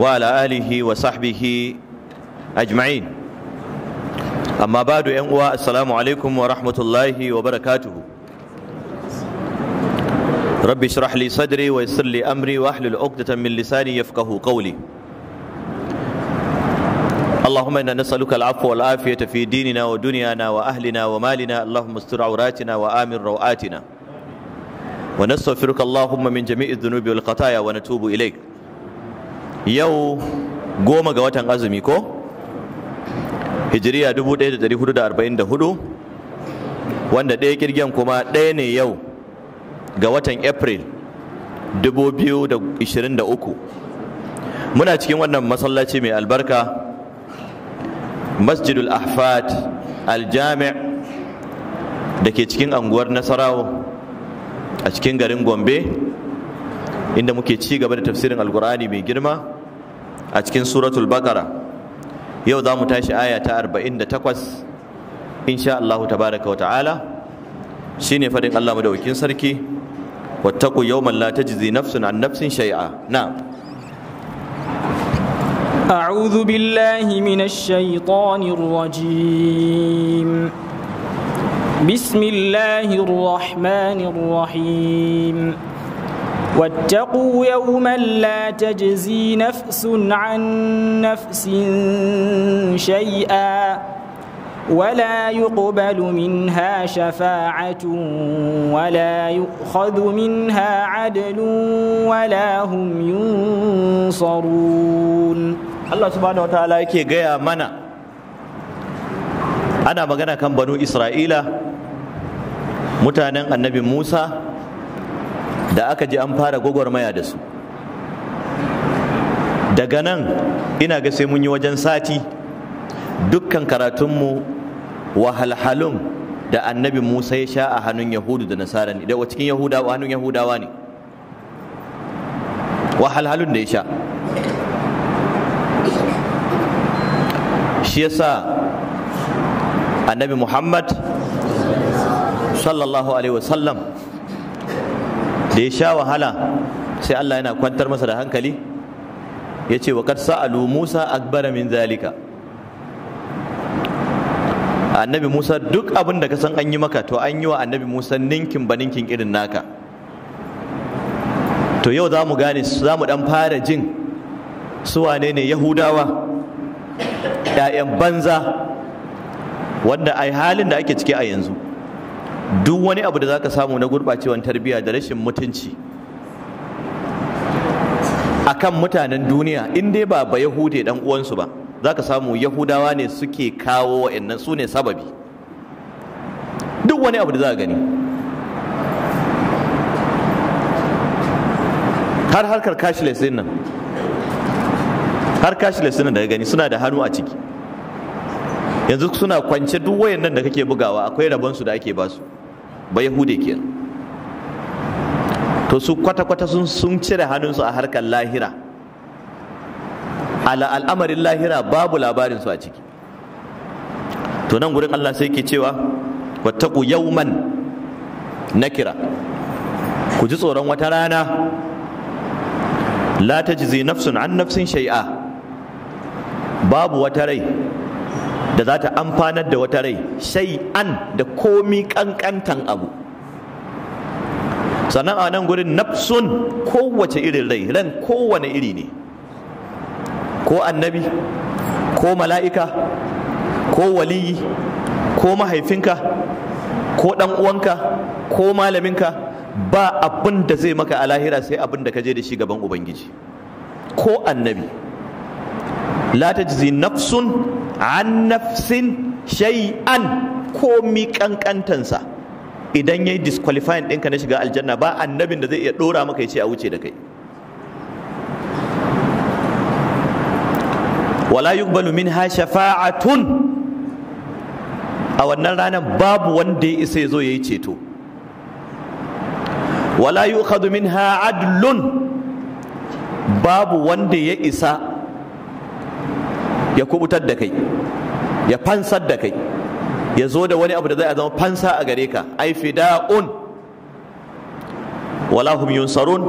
وعلى آله وصحبه أجمعين أما بعد أنواع السلام عليكم ورحمة الله وبركاته رب اشرح لي صدري ويسر لي أمري وأحلل العقدة من لساني يفقه قولي اللهم إنا نسألك العفو والعافية في ديننا ودنيانا وأهلنا ومالنا اللهم استر عوراتنا وآمن روآتنا ونستغفرك اللهم من جميع الذنوب والخطايا ونتوب إليك yau goma ga watan azumi ko hijiriya 1444 wanda ɗaya kirgen kuma ɗaya ne yau ga watan april 2023 muna cikin wannan masallaci mai albarka masjidul ahfad aljami' da ke cikin anguwar nasarawa a cikin garin gombe inda muke ci gaba da tafsirin alkur'ani mai girma a cikin suratul baqara yau za mu tashi aya ta 48 insha Allah tabaraka wa ta'ala shine fadin Allah madaukakin sarki wattaqu yawman la tajzi nafsun an nafsin shay'a na'am أعوذ بالله من الشيطان الرجيم بسم الله الرحمن واتقوا يوما لا تجزي نفس عن نفس شيئا ولا يقبل منها شفاعة ولا يؤخذ منها عدل ولا هم ينصرون الله سبحانه وتعالى yake gaya mana ana magana kan banu Isra'ila mutanen annabi Musa da aka ji an fara gwagwarmaya da su daga nan ina ga sai mun yi wajen sati dukkan karatunmu wahalhalun da annabi musa ya sha a hannun yahudu da nasara ne da cikin yahudawa hannun yahudawa ne wahalhalun da ya sha shi yasa annabi muhammad sallallahu alaihi wasallam da ya sha wahala sai Allah yana kwantar masa da hankali ya ce wa sa'alu Musa akbara min zalika annabi Musa duk abin da ka san an yi maka to an yi wa annabi Musa ninkin ba ninkin irin naka to yau za mu gane za mu dan fara jin su wane ne Yahudawa ‘ya'yan banza wanda ai halin da ake ciki a yanzu duk wani abu da za ka samu na gurɓacewar tarbiyya da rashin mutunci a kan mutanen duniya in dai ba ba yahude dan uwansu ba za ka samu yahudawa ne suke kawo wa'annan su ne sababi duk wani abu da za gani har harkar cashless din nan har cashless din da gani suna da hannu a ciki yanzu suna kwance duk wayannan da kake bugawa akwai rabonsu da ake basu ba yahude ke to su kwata-kwata sun cire hannunsu a harkar lahira ala al'amarin lahira babu labarinsu a ciki to nan gurin Allah sai ke cewa man yauman nakira ku ji tsoron wata rana la zai nafsun an nafsin shai'a babu wata rai da za ta amfanar da wata rai sai an da komi kankantan abu sannan a nan gurin nafsun kowace irin rai ran kowane iri ne ko annabi ko mala'ika ko waliyi ko mahaifinka ko ɗan uwanka ko malaminka ba abin da zai maka a lahira sai abin da ka je da shi gaban ubangiji ko annabi la tajzi nafsun an nafsin shay'an komi kankantansa idan yayi disqualifying ɗinka na shiga aljanna ba annabin da zai iya ɗora maka ya ce a wuce da kai wala yuqbalu minha shafa'atun a wannan ranan babu wanda ya isa ya zo yayi ceto wala yuqadu minha adlun babu wanda ya isa ya kubutar da kai ya fansar da kai ya zo da wani abu da zai zama fansa a gare ka ai fida'un wala hum yunsarun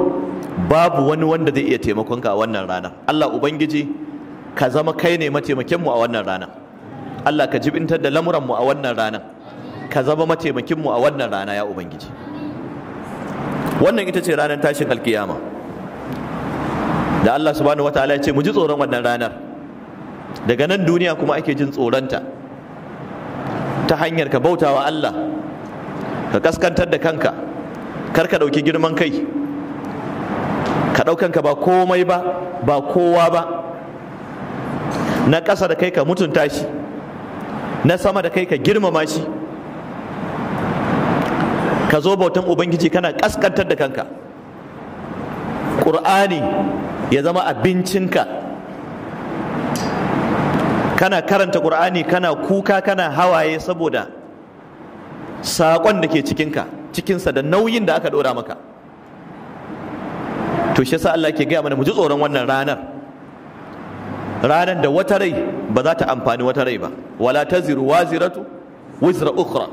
babu wani wanda zai iya taimakon ka a wannan rana Allah ubangiji ka zama kai ne mataimakin mu a wannan rana Allah ka jibintar da lamuran mu a wannan rana ka zama mataimakin mu a wannan rana ya ubangiji wannan ita ce ranar tashin alkiyama da Allah subhanahu wataala ya ce mu ji tsoron wannan ranar daga nan duniya kuma ake jin tsoronta ta hanyar ka bautawa Allah ka kaskantar da kanka kar ka ɗauki girman kai ka ɗaukanka ba komai ba ba kowa ba na ƙasa da kai ka mutunta shi na sama da kai ka girmama shi ka zo bautan ubangiji kana kaskantar da kanka ƙur'ani ya zama abincinka kana karanta ƙur'ani kana kuka kana hawaye saboda saƙon da ke cikinka cikinsa da nauyin da aka ɗora maka to shi yasa Allah ke gaya mana mu ji tsoron wannan ranar ranar da wata rai ba za ta amfani wata rai ba wala taziru waziratu wizra ukhra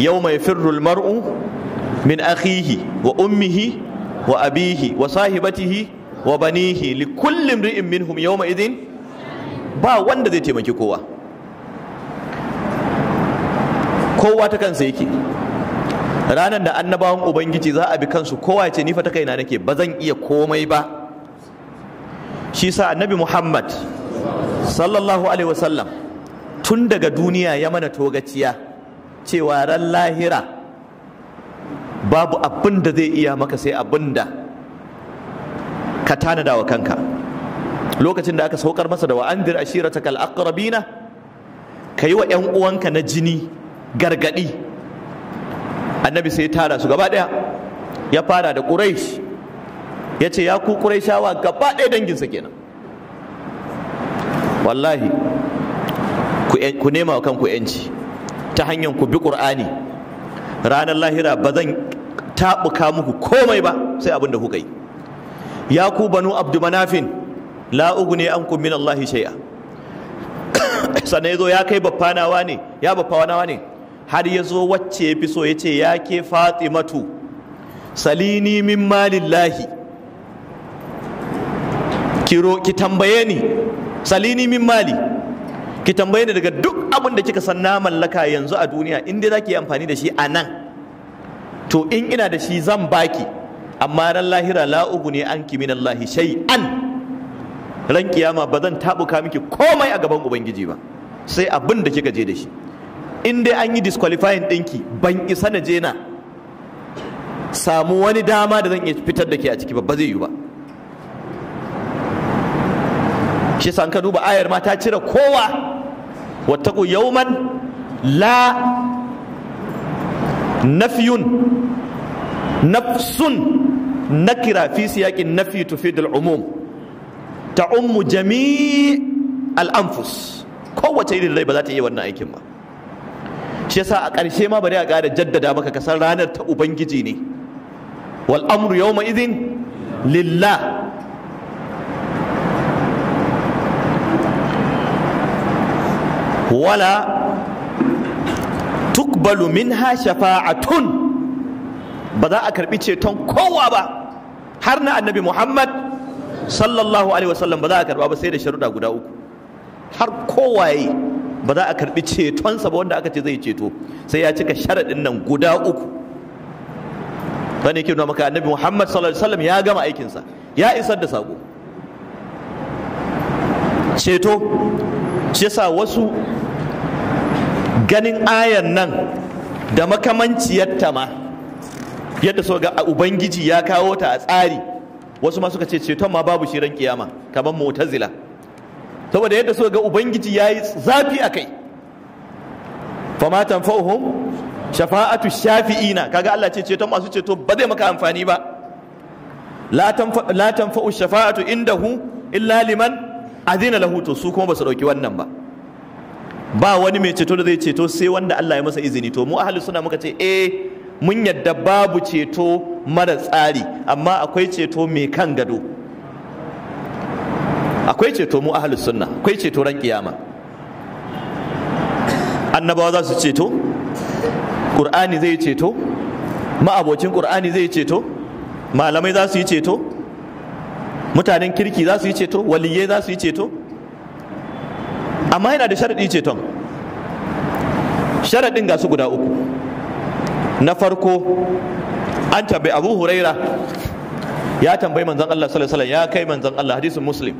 yawma yafirru almar'u min akhihi wa ummihi wa abihi wa sahibatihi wa banihi li kullum imri'in minhum yawma idin ba wanda zai taimaki kowa kowa ta kansa yake ranar da annabawan ubangiji za a bi kansu kowa ce ni fa ta kaina nake ba zan iya komai ba shi sa annabi muhammad sallallahu alaihi wasallam tun daga duniya ya mana togaciya cewa ran lahira babu abin da zai iya maka sai abin da ka tanada wa kanka lokacin da aka saukar masa da wa'andir ashirata kal aqrabina ka yi wa 'yan uwanka na jini gargadi annabi sai tara su gaba daya ya fara da quraish ya ce ya ku quraishawa gaba daya danginsa kenan wallahi ku nema wa kanku yanci ta hanyar ku bi qur'ani ranar lahira ba zan tabuka muku komai ba sai abin da kuka yi ya ku banu abdu manafin la'ugu ne an min allahi shai'a sannan zo ya kai baffanawa ne ya baffanawa ne har ya zo wacce ya fi so ya ce ya ke fatimatu salini min malillahi kiro ki tambaye ni salini min mali ki tambaye ni daga duk abin da kika san na mallaka yanzu a duniya inda dai zaki yi amfani da shi a nan to in ina da shi zan baki amma ran lahira la ne anki min Allah an ran kiyama ba zan tabuka miki komai a gaban ubangiji ba sai abin da kika je da shi in dai an yi disqualifying ɗinki ban isa na je na samu wani dama da zan iya fitar da ke a ciki ba zai yi ba shi san ka duba ayar ma ta cire kowa wattaqu yauman la nafiyun nafsun nakira fi siyaƙin nafi tufidul umum ta ummu jami al-Anfus, kowace irin rai ba za ta iya wannan aikin ba shi yasa a ƙarshe ma bari a ƙara jaddada maka kasar ranar ta ubangiji ne wal amru yawma idin lillah wala tukbalu minha shafa'atun ba za a karbi ceton kowa ba har na annabi muhammad sallallahu alaihi wasallam ba za a karba ba sai da sharuda guda uku har kowaye ba za a karbi cetonsa ba wanda aka ce zai ceto sai ya cika sharaɗin nan guda uku bane ke nuna maka annabi muhammad sallallahu alaihi wasallam ya gama aikinsa ya isar da sako ceto shi yasa wasu ganin ayan nan da makamanciyar ma yadda so ga ubangiji ya kawo ta a tsari wasu ma suka ce ceton ma babu shi kiyama kamar mu'tazila saboda yadda so ga ubangiji ya yi zafi a kai, fama fauhum shafa'atu shafi'ina kaga Allah ce ceton masu ceto ba zai maka amfani ba la tanfa'u shafa'atu indahu illa liman azina lahu to su kuma ba su dauki wannan ba ba wani mai ceto da zai ceto sai wanda Allah ya masa izini to mu ahli suna muka ce eh mun yadda babu ceto mara tsari amma akwai ceto mai kan gado akwai ceto mu ahalus sunna akwai ceto ran kiyama annabawa za su ceto ƙur'ani zai ceto ma'abocin ƙur'ani zai ceto malamai za su yi ceto mutanen kirki za su yi ceto Waliyyai za su yi ceto amma yana da sharaɗi ceton sharaɗin ga su guda uku na farko an tabi abu huraira ya tambayi manzon Allah sallallahu ya kai manzon Allah hadisin muslim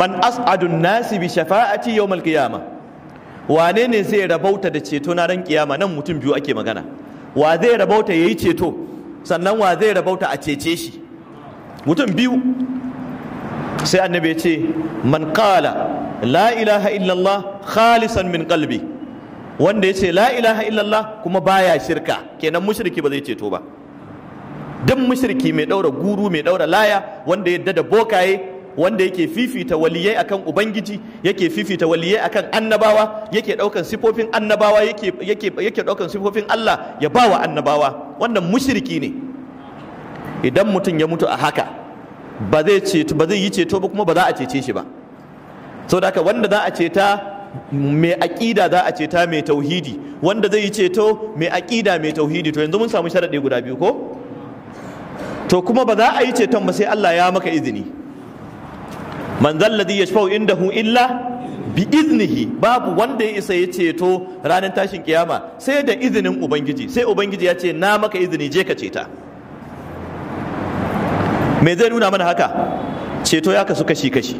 man as'adun nasi bi shafa'ati yawmal qiyama wane ne zai rabauta da ceto na ran kiyama nan mutum biyu ake magana wa zai rabauta yayi ceto sannan wa zai rabauta a cece shi mutum biyu sai annabi ya ce man qala la ilaha illallah khalisan min qalbi wanda ya ce la ilaha illallah kuma baya shirka kenan mushriki ba zai ceto ba duk mushriki mai daura guru mai daura laya wanda yadda da bokaye wanda yake fifita waliyai akan ubangiji yake fifita waliyai akan annabawa yake daukan sifofin annabawa yake yake yake daukan sifofin Allah ya bawa annabawa wannan mushriki ne idan mutum ya mutu a haka ba zai ce ba zai yi ceto ba kuma ba za a cece shi ba saboda haka wanda za a ceta mai aƙida za a ceta mai tauhidi wanda zai yi ceto mai aƙida mai tauhidi to yanzu mun samu sharaɗi guda biyu ko to kuma ba za a yi ceton ba sai Allah ya maka izini man zalladhi yashfa'u indahu illa bi iznihi babu wanda ya isa ya ceto ranar tashin kiyama sai da izinin ubangiji sai ubangiji ya ce na maka izini je ka ceta me zai nuna mana haka ceto ya kasu kashi kashi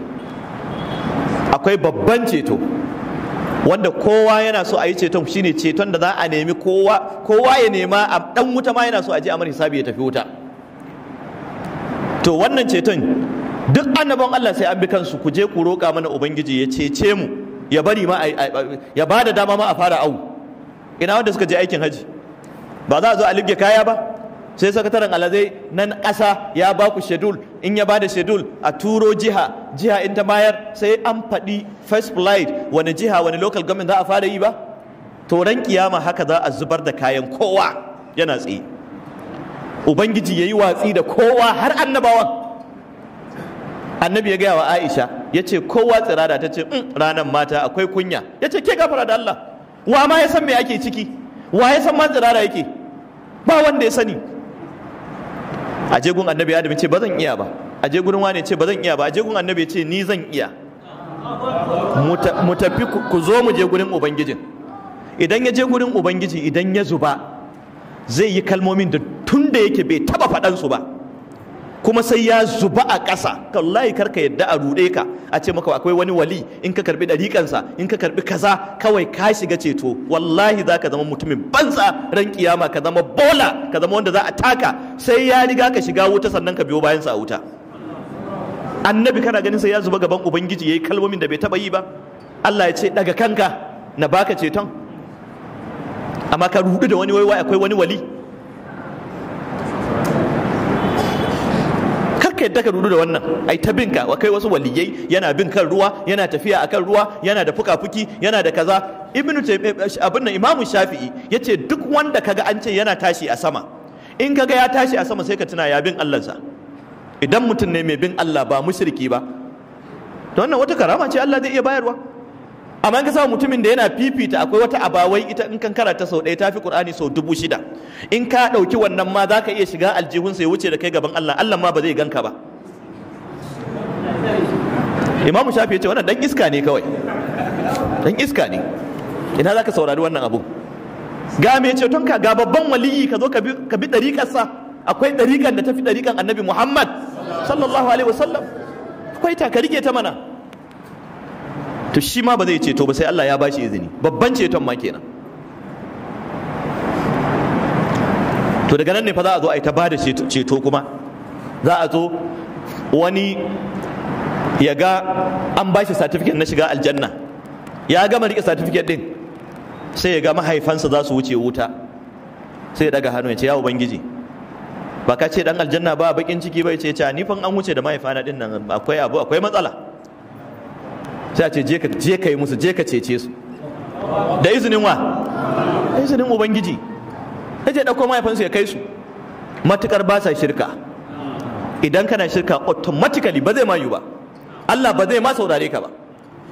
akwai babban ceto wanda kowa yana so a yi ceton shine ceton da za a nemi kowa kowa ya nema a dan wuta ma yana so a je a amar hisabi ya tafi wuta to wannan ceton duk annaban Allah sai an bi kansu ku je ku roƙa mana ubangiji ya cece mu ya bari ma ya bada dama ma a fara au ina wanda suka je aikin haji ba za a zo a libge kaya ba sai sakataren alazai nan ƙasa ya ba ku shedul in ya ba da shedul a turo jiha jiha in ta mayar, sai an faɗi first flight wani jiha wani local government za a fara yi ba toron kiyama haka za a zubar da kayan kowa yana tsaye ubangiji ya yi watsi da kowa har annabawan annabi ya gaya wa aisha ya ce kowa tsirada ta ce mm, ranar mata akwai kunya ya ce ke gafara da allah wa ma ya san me ake ciki wa ya san ma tsirara yake ba wanda ya sani a je gun annabi adam ce ba zan iya ba a je gurin wane ce ba zan iya ba a je gun annabi ce ni zan iya mu tafi ku zo mu je gurin ubangijin idan ya je gurin ubangiji idan ya zuba zai yi kalmomin da tun da yake bai taba faɗansu ba kuma sai ya zuba a ƙasa kallahi ka yadda a ruɗe ka a ce maka akwai wani wali in ka karbi ɗariƙansa in ka karbi kaza kawai ka shiga ceto wallahi za ka zama mutumin banza ran kiyama ka zama bola ka zama wanda za a taka sai ya riga ka shiga wuta sannan ka biyo bayansa a wuta annabi kana ganin sai ya zuba gaban ubangiji yayi kalmomin da bai taba yi ba Allah ya ce daga kanka na baka ceton amma ka rudu da wani wai akwai wani wali ka yadda ka rudu da wannan ai ta bin ka kai wasu waliyai yana bin kan ruwa yana tafiya akan ruwa yana da fukafuki yana da kaza ibnu eh, eh, abin nan imamu shafi'i ya ce duk wanda kaga an ce yana tashi a sama in kaga ya tashi a sama sai ka tuna ya bin Allah sa. idan mutum ne mai bin Allah ba mushriki ba to wannan wata karama ce Allah zai iya bayarwa amma ka samu mutumin da yana fifita akwai wata abawai ita in kan karata sau ɗaya tafi qur'ani sau dubu shida in ka ɗauki wannan ma za ka iya shiga aljihunsa ya wuce da kai gaban allah allah ma ba zai ganka ba imam shafi ya ce wannan dan iska ne kawai dan iska ne ina za ka saurari wannan abu ga mai tun ka ga babban waliyi ka zo ka bi ɗariƙarsa akwai ɗariƙar da ta fi ɗariƙar annabi muhammad sallallahu alaihi wasallam akwai ta ka rike ta mana to shi ma ba zai ceto ba sai Allah ya bashi izini babban ceton ma kenan to daga nan ne fa za a zo a yi ta bada ceto kuma za a zo wani ya ga an bashi satifiket na shiga aljanna ya gama rike satifiket din sai ya ga mahaifansa za su wuce wuta sai ya daga hannu ya ce ya ubangiji ba ce dan aljanna ba bakin ciki bai ce ce ni fa an wuce da mahaifana din nan akwai abu akwai matsala sai a ce je ka je ka yi musu je ka cece su da izinin wa da izinin ubangiji sai je dauko mahaifansu ya kai su matukar ba sa shirka idan kana shirka automatically ba zai mayu ba Allah ba zai ma saurare ka ba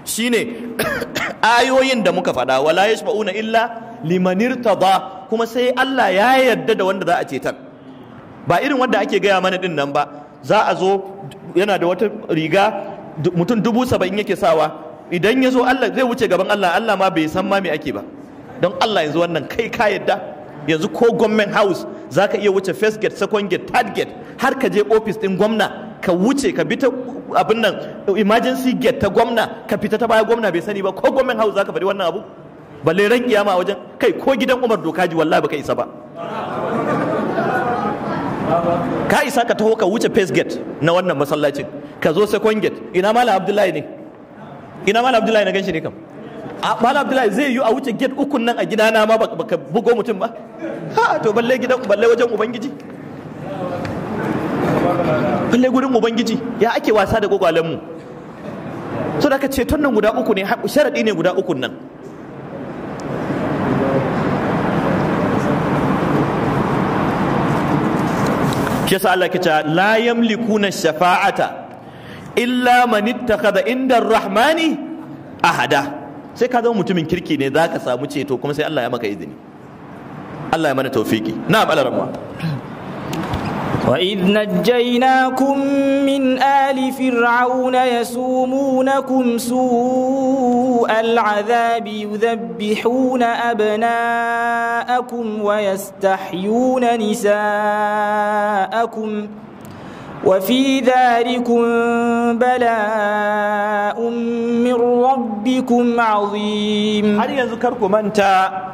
shine ayoyin da muka faɗa wala yashba'una illa limanir ba kuma sai Allah ya yarda da wanda za a cetan ba irin wanda ake gaya mana din nan ba za a zo yana da wata riga mutum dubu saba'in yake sawa idan ya zo Allah zai wuce gaban Allah Allah ma bai san ma me ake ba don Allah yanzu wannan kai ka yadda yanzu ko government house za ka iya wuce first gate second gate third gate har ka je office din gwamna ka wuce ka bi ta abin nan emergency gate ta gwamna ka fita ta baya gwamna bai sani ba ko government house za ka faɗi wannan abu balle ran kiyama wajen kai ko gidan Umar Dokaji wallahi baka isa ba ka isa ka taho ka wuce first gate na wannan masallacin ka zo second gate ina mala abdullahi ne ina mala abdullahi na ganshi ne kam a mala abdullahi zai yi a wuce gate ukun nan a na ma baka bugo mutum ba ha to balle gidan balle wajen ubangiji balle gurin ubangiji ya ake wasa da gwagwalen mu so da ka ce nan guda uku ne sharadi ne guda uku nan shi yasa Allah ke ce la yamlikuna shafa'ata illa manittakaza inda rahmani ahada sai ka zama mutumin kirki ne za ka samu ceto kuma sai Allah ya maka izini Allah ya mana taufiki na balarama وإذ نجيناكم من آل فرعون يسومونكم سوء العذاب يذبحون أبناءكم ويستحيون نساءكم ۖ وفي ذلكم بلاء من ربكم عظيم هل يذكركم أنت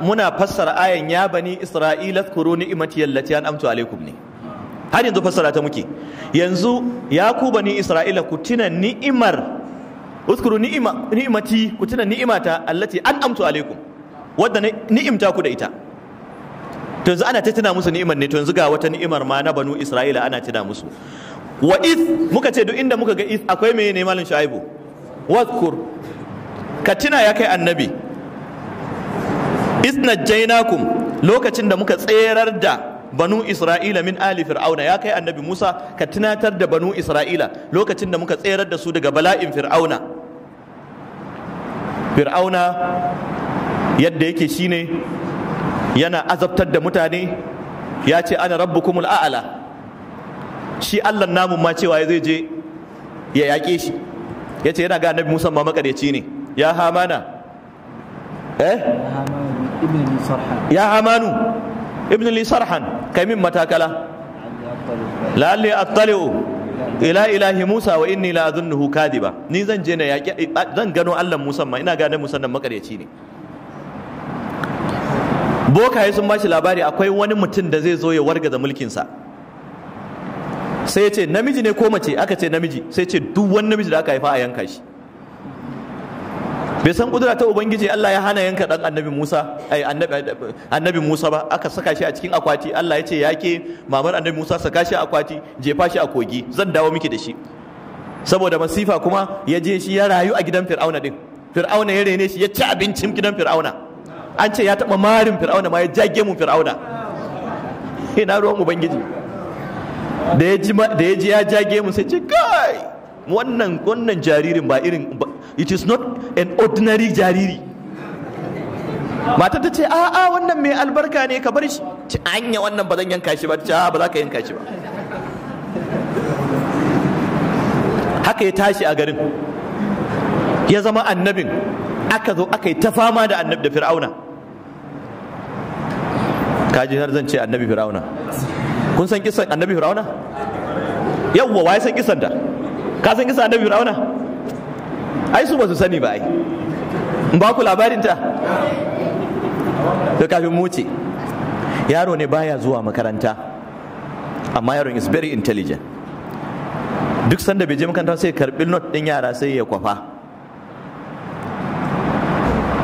منا فسر آية يا بني إسرائيل اذكروا نعمتي التي أنعمت عليكم ني har yanzu fassara ta muke yanzu ya ku bani isra'ila ku tuna ni'imar uskuru ni'ima ku tuna ni'imata allati an'amtu alaikum wadda ni'imta ku da ita to yanzu ana ta tuna musu ni'imar ne to yanzu ga wata ni'imar ma na banu isra'ila ana tuna musu wa is muka ce duk inda muka ga is akwai mai ne malin shu'aibu wazkur ka tuna ya kai annabi is najjaynakum lokacin da muka tserar da banu isra'ila min ali fir'auna ya kai annabi musa ka tunatar da banu isra'ila lokacin da muka tserar da su daga bala'in fir'auna fir'auna yadda yake shine yana azabtar da mutane ya ce ana rabbukumul a'ala shi Allah namun ma cewa ya zai je ya yaƙe shi ya ce yana ga annabi Musa ma makareci ne ya hamana eh ya hamanu ibn li sarhan kai min matakala lalle attali'u ila ilahi Musa wa inni la azunnuhu kadiba ni zan je na yaƙi zan gano Allah Musa ma ina ga annabi Musa nan makareci ne bokaye sun ba shi labari akwai wani mutum da zai zo ya wargaza mulkinsa sai ya ce namiji ne ko mace aka ce namiji sai ce duk wani namiji da aka haifa a yanka shi bai san kudura ta ubangiji Allah ya hana yanka dan annabi Musa ai annabi Musa ba aka saka shi a cikin akwati Allah ya ce yake mamar annabi Musa saka shi a akwati jefa shi a kogi zan dawo miki da shi saboda masifa kuma ya je shi ya rayu a gidan Fir'auna din Fir'auna ya rene shi ya ci abincin gidan Fir'auna an ce ya taba marin Fir'auna ma ya jage mu Fir'auna ina ruwan ubangiji da ya ji ya jage mu sai ce kai wannan wannan jaririn ba irin it is not an ordinary jariri mata ta ce a'a wannan mai albarka ne ka bar shi ci anya wannan ba zan yanka shi ba ta ce ba za ka yanka shi ba haka ya tashi a garin ya zama annabin aka zo aka yi ta fama da annabi da fir'auna kaji har zan ce annabi fir'auna kun san kisan annabi fir'auna yawwa waye san kisan ta ka san kisan annabi fir'auna ai su ba su sani ba ai in ba ku labarin ta to kafin mu ce yaro ne baya zuwa makaranta amma yaron is very intelligent duk sanda bai je makaranta sai karbi not din yara sai ya kwafa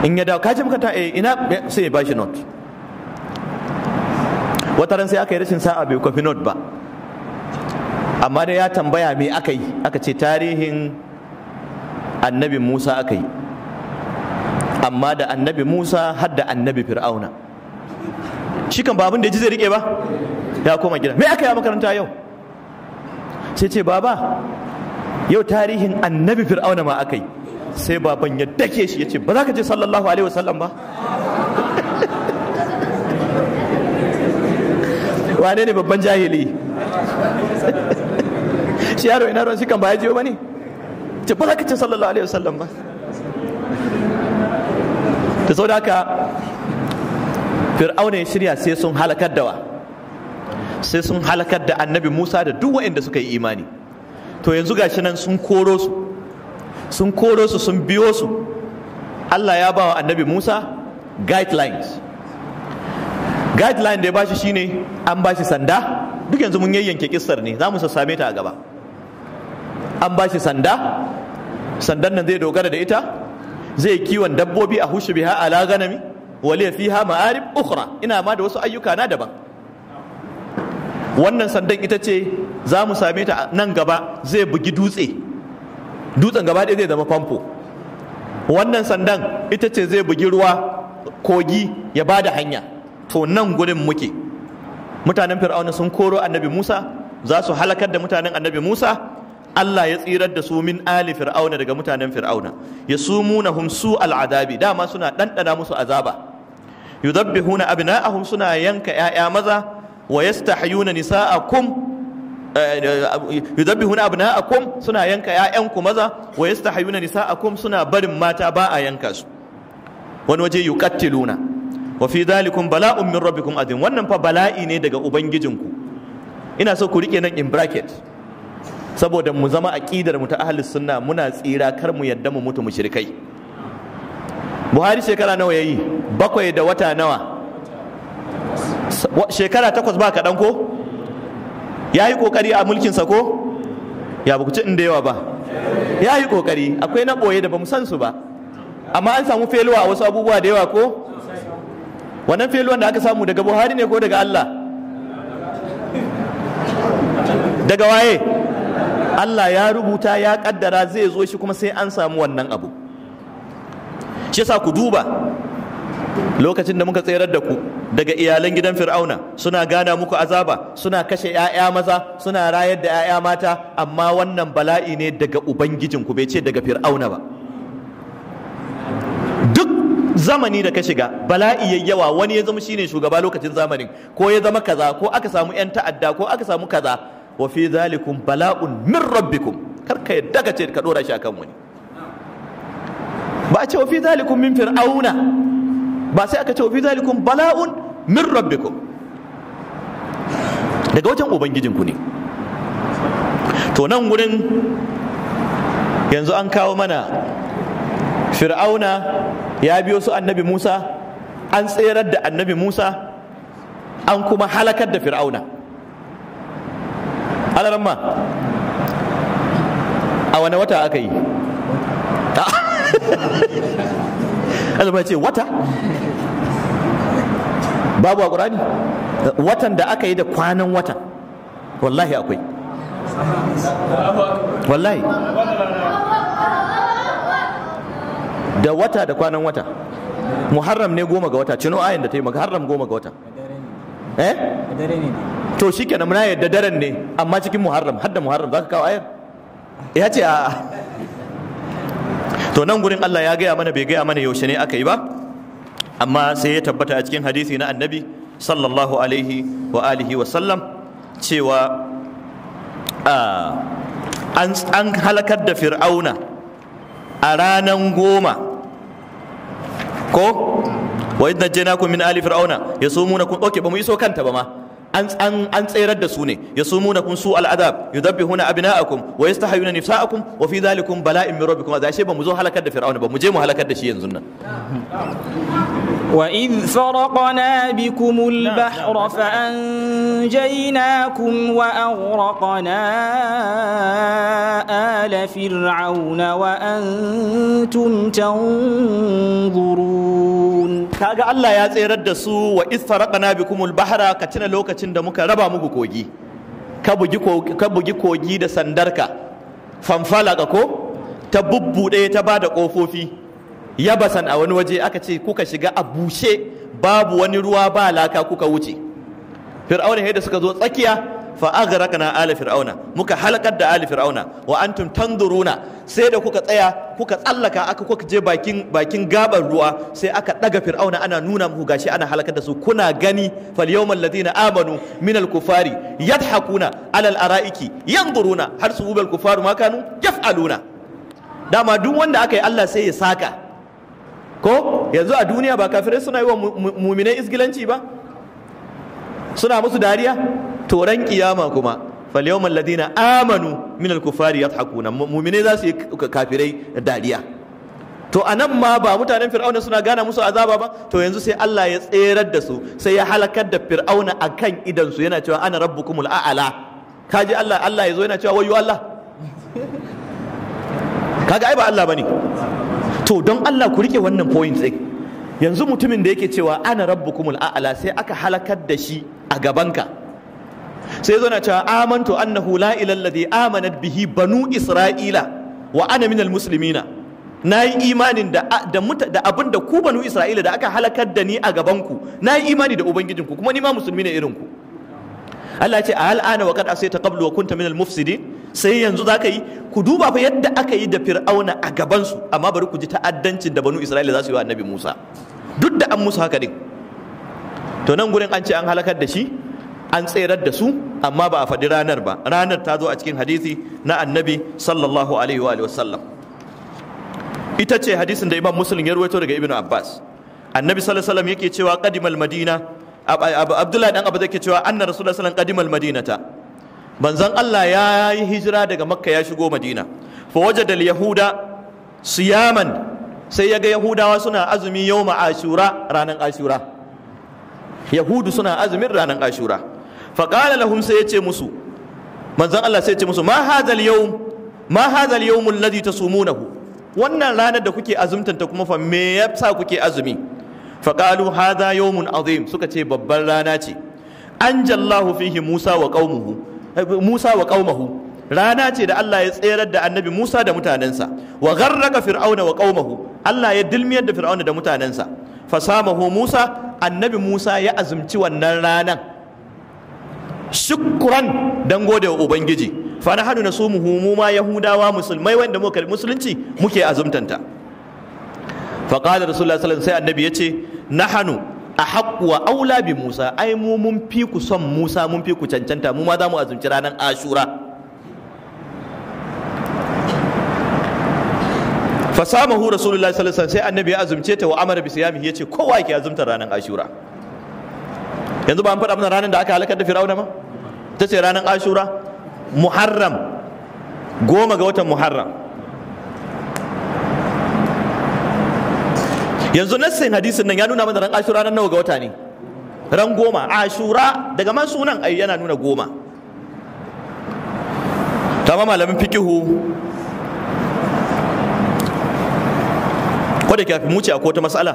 in ya dawo ka je makaranta eh ina sai ya bashi not wata ran sai aka yi rashin sa'a bai kwafi not ba amma da ya tambaya me aka yi aka ce tarihin annabi musa aka yi amma da annabi musa har da annabi fir'auna shi kan babin da ya ji zai rike ba ya koma gida me aka yi a makaranta yau sai ce baba yau tarihin annabi fir'auna ma aka yi sai baban ya dake shi ya ce ba za ka je sallallahu alaihi wasallam ba wane ne babban jahili shi yaro ina ruwan shi ba ya jiyo ba ne ce ba za ka ce sallallahu alaihi wasallam ba da sau da haka fir'auna ya shirya sai sun halakar da wa sai sun halakar da annabi musa da duk waɗanda suka yi imani to yanzu gashi nan sun koro su sun koro su sun biyo su allah ya ba wa annabi musa guidelines guideline da ya bashi shine an bashi sanda duk yanzu mun yayyanke kissar ne za mu sassame ta a gaba an bashi sanda sandan nan zai dogara da ita zai kiwon dabbobi a hushu biha ala ganami wale fiha ma'arib ukhra ina ma da wasu ayyuka na daban wannan sandan ita ce za mu same ta nan gaba zai bugi dutse dutsen gaba ɗaya zai zama famfo wannan sandan ita ce zai bugi ruwa kogi ya ba da hanya to nan gudun muke mutanen fir'auna sun koro annabi musa za su halakar da mutanen annabi musa Allah ya tsirar da su min ali fir'auna daga mutanen fir'auna ya sumuna muna su al'adabi dama suna ɗanɗana musu azaba yudabbihuna abna'ahum suna yanka ƴaƴa maza wa yastahyuna nisa'akum eh, yudabbihuna abna'akum suna yanka ƴaƴanku maza wa nisa'akum suna barin mata ba a yanka su wani waje yuqattiluna wa fi bala'un min rabbikum adin wannan fa bala'i ne daga ubangijinku ina so ku rike nan in bracket saboda mu zama aqidar mu ta ahlus sunna muna tsira kar mu yadda mu mutu mushrikai Buhari shekara nawa yayi bakwai da wata nawa shekara takwas ba kaɗan ko ya yi ƙoƙari a mulkinsa ko ya ba ci inda yawa ba ya yi ƙoƙari akwai na ɓoye da ba mu san su ba amma an samu feluwa a wasu abubuwa da yawa ko wannan failure da aka samu daga buhari ne ko daga allah daga waye allah ya rubuta ya kaddara zai zo shi kuma sai an samu wannan abu shi yasa ku duba lokacin da muka tsayar da ku daga iyalan gidan fir'auna suna gana muku azaba suna kashe 'ya'ya maza suna rayar da 'ya'ya mata amma wannan bala'i ne daga ubangijinku bai ce daga fir'auna ba zamani da ka shiga bala'i yayi yawa wani ya zama shine shugaba lokacin zamanin ko ya zama kaza ko aka samu yan ta'adda ko aka samu kaza wa fi zalikum bala'un min rabbikum kar ka yadda ka ce ka dora shi akan wani ba a ce wa fi zalikum min fir'auna ba sai aka ce wa fi zalikum bala'un min rabbikum daga wajen ku ne to nan gurin yanzu an kawo mana fir'auna ya biyo su annabi musa an tserar da annabi musa an kuma halakar da fir'auna alaramma a wani wata aka yi azumai ce wata babu a ƙurani watan da aka yi da kwanan watan wallahi akwai wallahi da wata da kwanan wata muharram ne goma ga wata cino ayin da ta yi muharram goma ga wata eh to shi kenan muna yadda daren ne amma cikin muharram har da muharram za ka kawo ayar ya ce a to nan gurin Allah ya gaya mana bai gaya mana yaushe ne aka yi ba amma sai ya tabbata a cikin hadisi na annabi sallallahu alaihi wa alihi wa sallam cewa an halakar da fir'auna a ranan goma ko wa idna jaynakum min ali fir'auna yasumunakum okay ba mu iso kanta ba ma an tserar da su ne ya sumu na kun su al'adab yudabbihuna abna'akum wa yastahyuna nisa'akum wa fi dhalikum bala'in min rabbikum da ashe ba mu zo halakar da fir'auna ba mu je mu halakar da shi yanzu nan وإذ فرقنا بكم البحر فأنجيناكم وأغرقنا آل فرعون وأنتم تنظرون كاغا الله يا تسيرد سو وإذ فرقنا بكم البحر كتنا لوكا lokacin da muka raba muku kogi ka bugi kogi da sandarka fanfala ka ko ta bubbuɗe ta ba da ƙofofi yabasan a wani waje aka ce kuka shiga a bushe babu wani ruwa ba laka kuka wuce fir'auna da suka zo tsakiya fa ala fir'auna muka halakar da ala fir'auna wa antum tanzuruna sai da kuka tsaya kuka tsallaka aka kuka je bakin bakin gabar ruwa sai aka daga fir'auna ana nuna muku gashi ana halakar da su kuna gani fal yawmal ladina amanu min al kufari yadhakuna ala al araiki yanzuruna har su ubal kufaru ma kanu yaf'aluna dama duk wanda aka yi Allah sai ya saka ko yanzu a duniya ba kafirai suna yi wa muminai isgilanci ba suna musu dariya toran kiyama kuma falyawmal ladina amanu min al-kufari yadhakuna mu'mine za su yi kafirai dariya to anan ma ba mutanen fir'auna suna gana musu azaba ba to yanzu sai Allah ya tserar da su sai ya halakar da fir'auna akan idan su yana cewa ana rabbukumul a'ala kaji Allah Allah yazo yana cewa wayyo Allah kaga ai ba Allah bane to don Allah ku rike wannan point din yanzu mutumin da yake cewa ana rabbukumul a'ala sai aka halakar da shi a gabanka sai zo na cewa amantu annahu la ladhi amanat bihi banu isra'ila wa ana al muslimina na yi imanin da da abin da ku banu isra'ila da aka halakar da ni a gabanku na yi imani da ubangijinku kuma ni ma musulmi ne irin ku. Allah ce a hal'ana wa kada sai ta qablu wa kunta al mufsidin sai yanzu zaka yi ku duba fa yadda aka yi da fir'auna a gabansu amma bari ku ji ta'addancin da banu isra'ila za su yi wa annabi musa duk da an musu haka din to nan gurin an ce an halakar da shi an tserar da su amma ba a faɗi ranar ba ranar ta zo a cikin hadisi na annabi sallallahu alaihi wa sallam ita ce hadisin da imam muslim ya ruwaito daga ibnu abbas annabi sallallahu alaihi wasallam yake cewa qadimal madina abdullahi dan abu zai cewa anna rasulullahi sallallahu qadimal madinata manzon Allah ya yi hijira daga makka ya shigo madina fa wajada al yahuda siyaman sai ya ga yahudawa suna azumi yawma ashura ranan ashura yahudu suna azumin ranan ashura faƙala lahum sai ya ce musu manzan Allah sai ya ce musu ma hazal yawm ma hazal yawm alladhi tasumunahu wannan ranar da kuke azumtanta kuma fa me yasa kuke azumi faƙalu haza yawmun azim suka ce babban rana ce anjallahu fihi Musa wa qaumuhu Musa wa qaumahu rana ce da Allah ya tserar da annabi Musa da mutanensa wa gharraka fir'auna wa qaumahu Allah ya dilmiyar da fir'auna da mutanensa fasamahu Musa annabi Musa ya azumci wannan ranar. shukran dan gode wa ubangiji fa na hadu nasumuhu mu ma yahudawa musulmai wanda muka musulunci muke azumtanta fa qala rasulullah sallallahu alaihi wasallam sai annabi yace nahanu ahaq wa aula bi musa ai mu mun fi ku son musa mun fi ku cancanta mu ma za mu azumci ranar ashura fa samahu rasulullah sallallahu alaihi wasallam sai annabi ya azumce ta wa amara bi siyami yace kowa yake azumtar ranar ashura yanzu ba an faɗa mana ranar da aka halakar da fir'auna ma ta ce ranar ashura muharram goma ga watan muharram yanzu nassin hadisin nan ya nuna mana ran ashura ranar nawa ga wata ne ran goma ashura daga man sunan ai yana nuna goma tamam malamin fikihu ko da kafi muce akwai wata matsala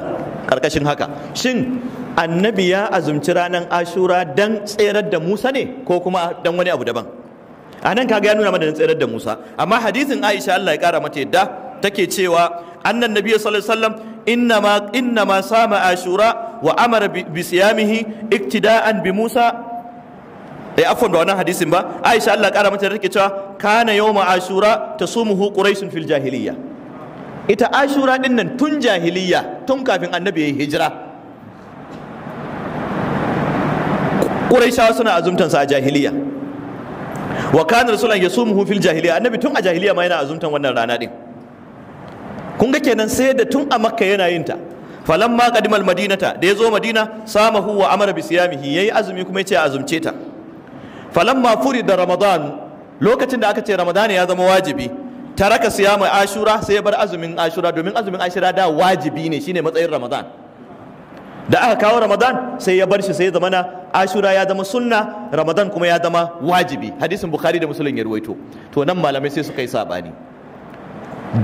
karkashin haka shin annabi ya azumci ranar ashura don tserar da musa ne ko kuma don wani abu daban a nan kaga ya nuna mana tserar da musa amma hadisin aisha allah ya kara mata yadda take cewa annan nabi sallallahu alaihi wasallam inna ma sama ashura wa amara bi siyamihi iktida'an bi musa Ya eh, afon da wannan hadisin ba aisha allah ya kara mata take cewa kana yawma ashura tasumuhu quraishun fil jahiliya. ita ashura din tun jahiliya tun kafin annabi ya yi hijira quraishawa suna azumtansa a jahiliya wa kana rasulun yasumuhu fil jahiliya annabi tun a jahiliya ma yana azumtan wannan rana din kun ga kenan sai da tun a makka yana yin ta falamma qadimal madinata da yazo madina sama wa amara bi siyamihi yi azumi kuma yace azumce ta falamma da ramadan lokacin da aka ce ramadan ya zama wajibi taraka siyama ashura sai ya bar azumin ashura domin azumin ashura da wajibi ne shine matsayin ramadan da aka kawo ramadan sai ya bar shi sai ya na ashura ya zama sunna ramadan kuma ya zama wajibi hadisin bukhari da musulun ya ruwaito to nan malamai sai suka yi sabani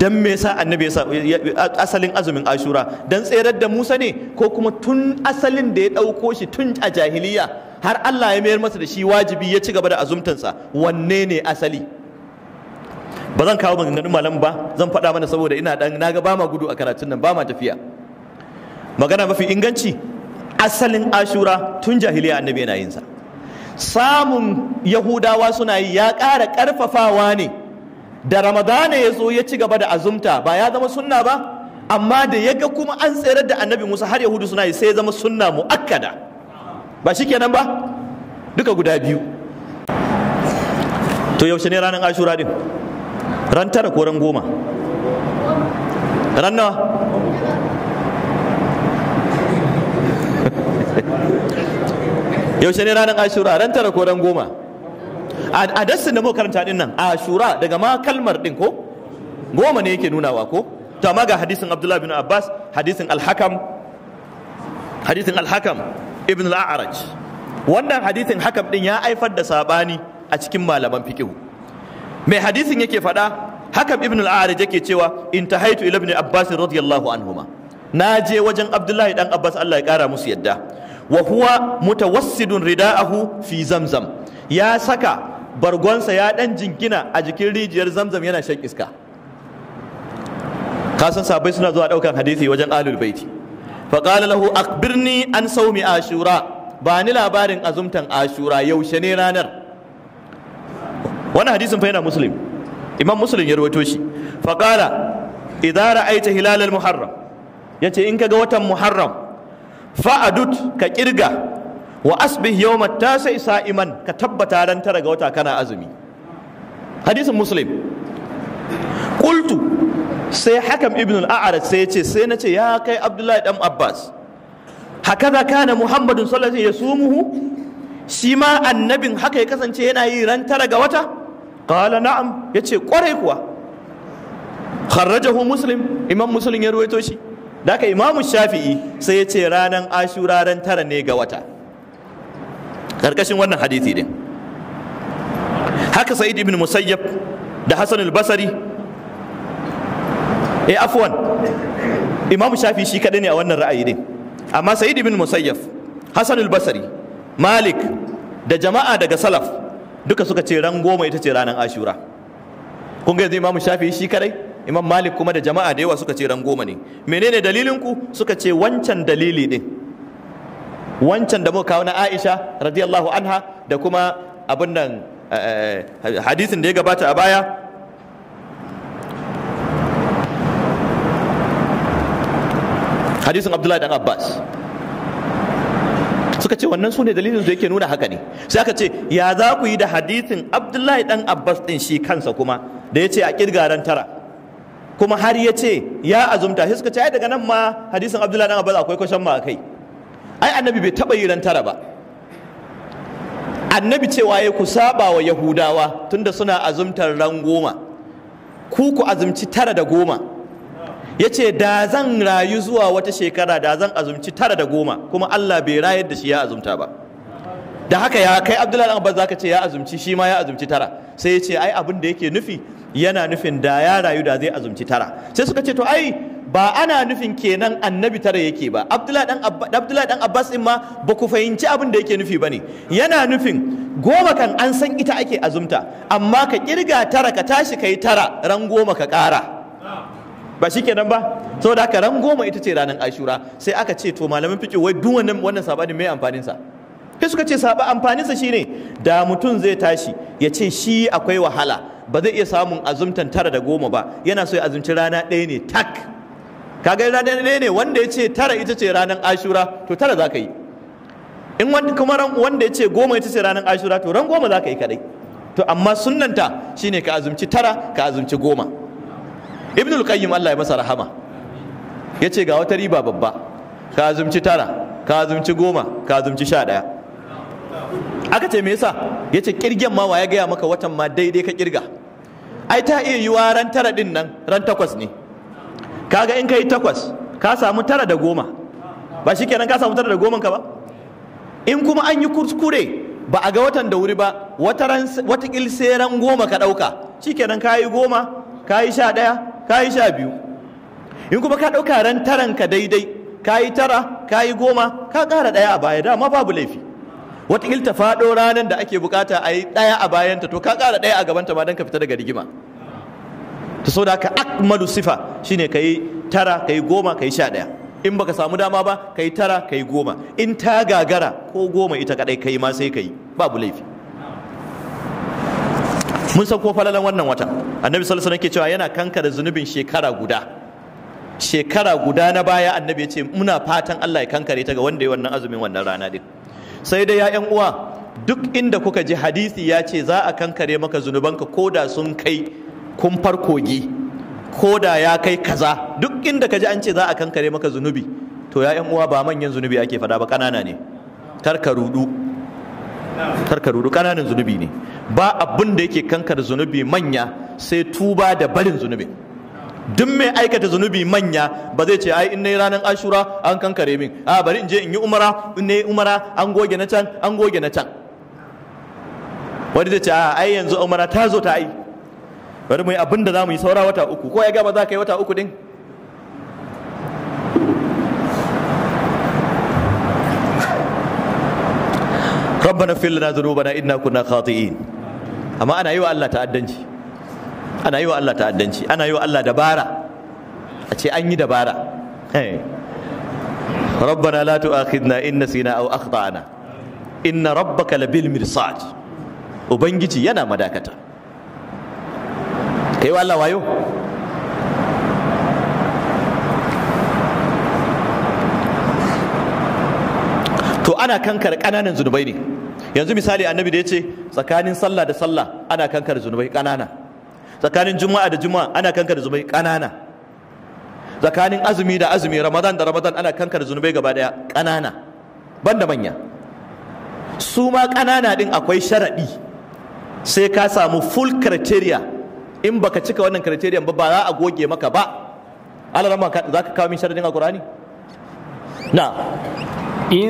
dan me yasa annabi ya asalin azumin ashura dan tserar da musa ne ko kuma tun asalin da ya dauko shi tun a jahiliya har Allah ya mayar masa da shi wajibi ya ci gaba da azumtansa wanne ne asali ba zan kawo maganganun malam ba zan faɗa mana saboda ina dan naga ba ma gudu a karatun nan ba ma tafiya magana mafi inganci asalin ashura tun jahiliya annabi yana yin sa samun yahudawa suna yi ya ƙara ƙarfafawa ne da ramadana ya zo ya ci gaba da azumta ba ya zama sunna ba amma da ya ga kuma an tsere da annabi musa har yahudu suna yi sai ya zama sunna mu'akkada ba shi kenan ba duka guda biyu to yaushe ne ranar ashura din ran tara ko ran goma ran nawa yaushe ne ranar ashura ran tara ko ran goma a dasin da muka karanta din nan ashura daga ma kalmar din ko goma ne yake nunawa ko to amma ga hadisin abdullah bin abbas hadisin al hadisin alhakam ibn al-a'raj wannan hadisin hakam din ya aifar da sabani a cikin malaman fiqh mai hadisin yake faɗa hakam ibn al-a'raj yake cewa intahaitu ila ibn abbas radiyallahu anhuma na je wajen abdullahi dan abbas Allah ya kara musu yadda wa huwa mutawassidun rida'ahu fi zamzam ya saka bargonsa ya dan jingina a jikin rijiyar zamzam yana shan iska kasan sabai suna zuwa daukan hadisi wajen alul baiti fa qala lahu akhbirni an sawmi ashura ba ni labarin azumtan ashura yaushe ne ranar wannan hadisin fa yana muslim imam muslim ya rawaito shi fa qala idza ra'aita hilal al muharram yace in kaga watan muharram fa'adut ka kirga wa yau yawma tasai sa'iman ka tabbata ran tara ga wata kana azumi hadisin muslim qultu sai hakam ibn al-a'raj sai yace sai nace ya kai abdullahi dan abbas hakaza kana muhammadun sallallahu alaihi wasallam yasumuhu shi ma annabin haka ya kasance yana yi ran tara ga wata qala na'am yace kwarai kuwa kharrajahu muslim imam muslim ya ruwaito shi da haka imamu shafi'i sai ya ce ranar ashura ran tara ne ga wata karkashin wannan hadisi din haka sa'id ibn musayyab da hasan al-basri eh afwan imamu shafi'i shi kadai ne a wannan ra'ayi din amma sa'id ibn musayyab hasan al-basri malik da jama'a daga salaf duka suka ce ran goma ita ce ranar ashura kun ga yanzu imamu shafi'i shi kadai imam malik kuma da jama'a da yawa suka ce ran ne menene dalilin ku suka ce wancan dalili din wancan da muka kawo na aisha radiyallahu anha da kuma abin nan eh, eh, hadisin da ya gabata a baya hadisin abdullahi dan abbas suka ce wannan su ne dalilin su yake nuna haka ne sai aka ce ya za ku yi da hadisin abdullahi dan abbas din shi kansa kuma da ya ce a kirgaran tara kuma har ya ce ya azumta sai suka ce daga nan ma hadisin abdullahi dan abbas akwai kwashan ma kai. ai annabi bai taba yi rantara ba annabi cewa ya ku saba wa yahudawa tunda suna azumtar ran goma ku ku azumci tara da goma ya ce da zan rayu zuwa wata shekara da zan azumci tara da goma kuma allah bai rayar da shi ya azumta ba da haka ya kai abdullahi dan abbas zaka ce ya azumci shi ma ya azumci tara sai ya ce ai abin da yake nufi yana nufin da ya rayu da zai azumci tara sai suka ce to ai ba ana nufin kenan annabi tara yake ba abdullahi dan abbas din ma ba ku fahimci abin da yake nufi bane yana nufin goma kan an san ita ake azumta amma ka kirga tara ka tashi kai tara ran goma ka kara ba shi kenan ba saboda haka ran goma ita ce ranar ashura sai aka ce to malamin fiƙi wai duk wannan wannan sabanin mai amfanin sa sai suka ce saba amfaninsa shine da mutum zai tashi ya ce shi akwai wahala ba zai iya samun azumtan tara da goma ba yana so ya azumci rana ɗaya ne tak kaga rana ɗaya ne wanda ya ce tara ita ce ranar ashura to tara za ka yi in kuma wanda ya ce goma ita ce ranar ashura to ran goma za ka yi kadai to amma sunnanta shine ka azumci tara ka azumci goma ibnul qayyim Allah ya masa rahama yace ga wata riba babba ka azumci tara ka azumci goma ka azumci sha ɗaya aka ce me yasa yace kirgen ma ya gaya maka watan ma daidai ka kirga ai ta iya yiwa ran tara din nan ran takwas ne kaga in kai takwas ka samu tara da goma ba shi kenan ka samu tara da goma ka ba in kuma an yi kuskure ba a ga watan da wuri ba wata sai ran goma ka ɗauka shi kenan ka yi goma ka yi sha ɗaya ka yi sha biyu in kuma ka ɗauka ran taranka daidai ka yi tara ka yi goma ka ƙara ɗaya a baya dama babu laifi wataƙil ta faɗo ranar da ake bukata a yi ɗaya a bayanta to ka ƙara ɗaya a gabanta ma don ka fita daga rigima ta sau da ka akmalu sifa shine ka yi tara ka yi goma ka yi sha ɗaya in baka samu dama ba ka yi tara ka yi goma in ta gagara ko goma ita kaɗai ka yi ma sai ka yi babu laifi mun san ko falalan wannan wata annabi sallallahu alaihi ke cewa yana kankara zunubin shekara guda shekara guda na baya annabi ya ce muna fatan Allah ya kankare ta ga wanda ya wannan azumin wannan rana din sai dai ya uwa duk inda kuka ji hadisi ya ce za a kankare maka zunubanka ko da sun kai kumfar kogi ko da ya kai kaza duk inda ka ji an ce za a kankare maka zunubi to ya uwa ba manyan zunubi ake faɗa ba ƙanana ne kar ka rudu karka rudu ƙananan zunubi ne ba abin da yake kankar zunubi manya sai tuba da barin zunubi. duk mai aikata zunubi manya ba zai ce ai in nayi ranar ashura an kankare min a bari in je in yi umara in nayi umara an goge na can an goge na can wani zai ce a ai yanzu umara ta zo ta yi. bari mu yi abin da za mu yi saura wata uku ko ya gaba za ka yi wata uku din rabbana fil lana zunubana ina kunna khati'in amma ana yi wa Allah ta'addanci ana yi wa Allah ta'addanci ana yi wa Allah dabara a ce an yi dabara rabbana la tu'akhidna in nasina aw akhtana inna rabbaka labil mirsad ubangiji yana madakata kai wa Allah wayo to ana kankar kananan zunubai ne yanzu misali annabi da ya ce tsakanin sallah da sallah ana kankar zunubai kanana tsakanin juma'a da juma'a ana kanka da zunubai ƙanana tsakanin azumi da azumi ramadan da ramadan ana kanka da zunubai gaba daya ƙanana banda manya su ma ƙanana din akwai sharaɗi sai ka samu full criteria in baka cika wannan criteria ba ba za a goge maka ba Allah za ka kawo min sharaɗin alkurani na إن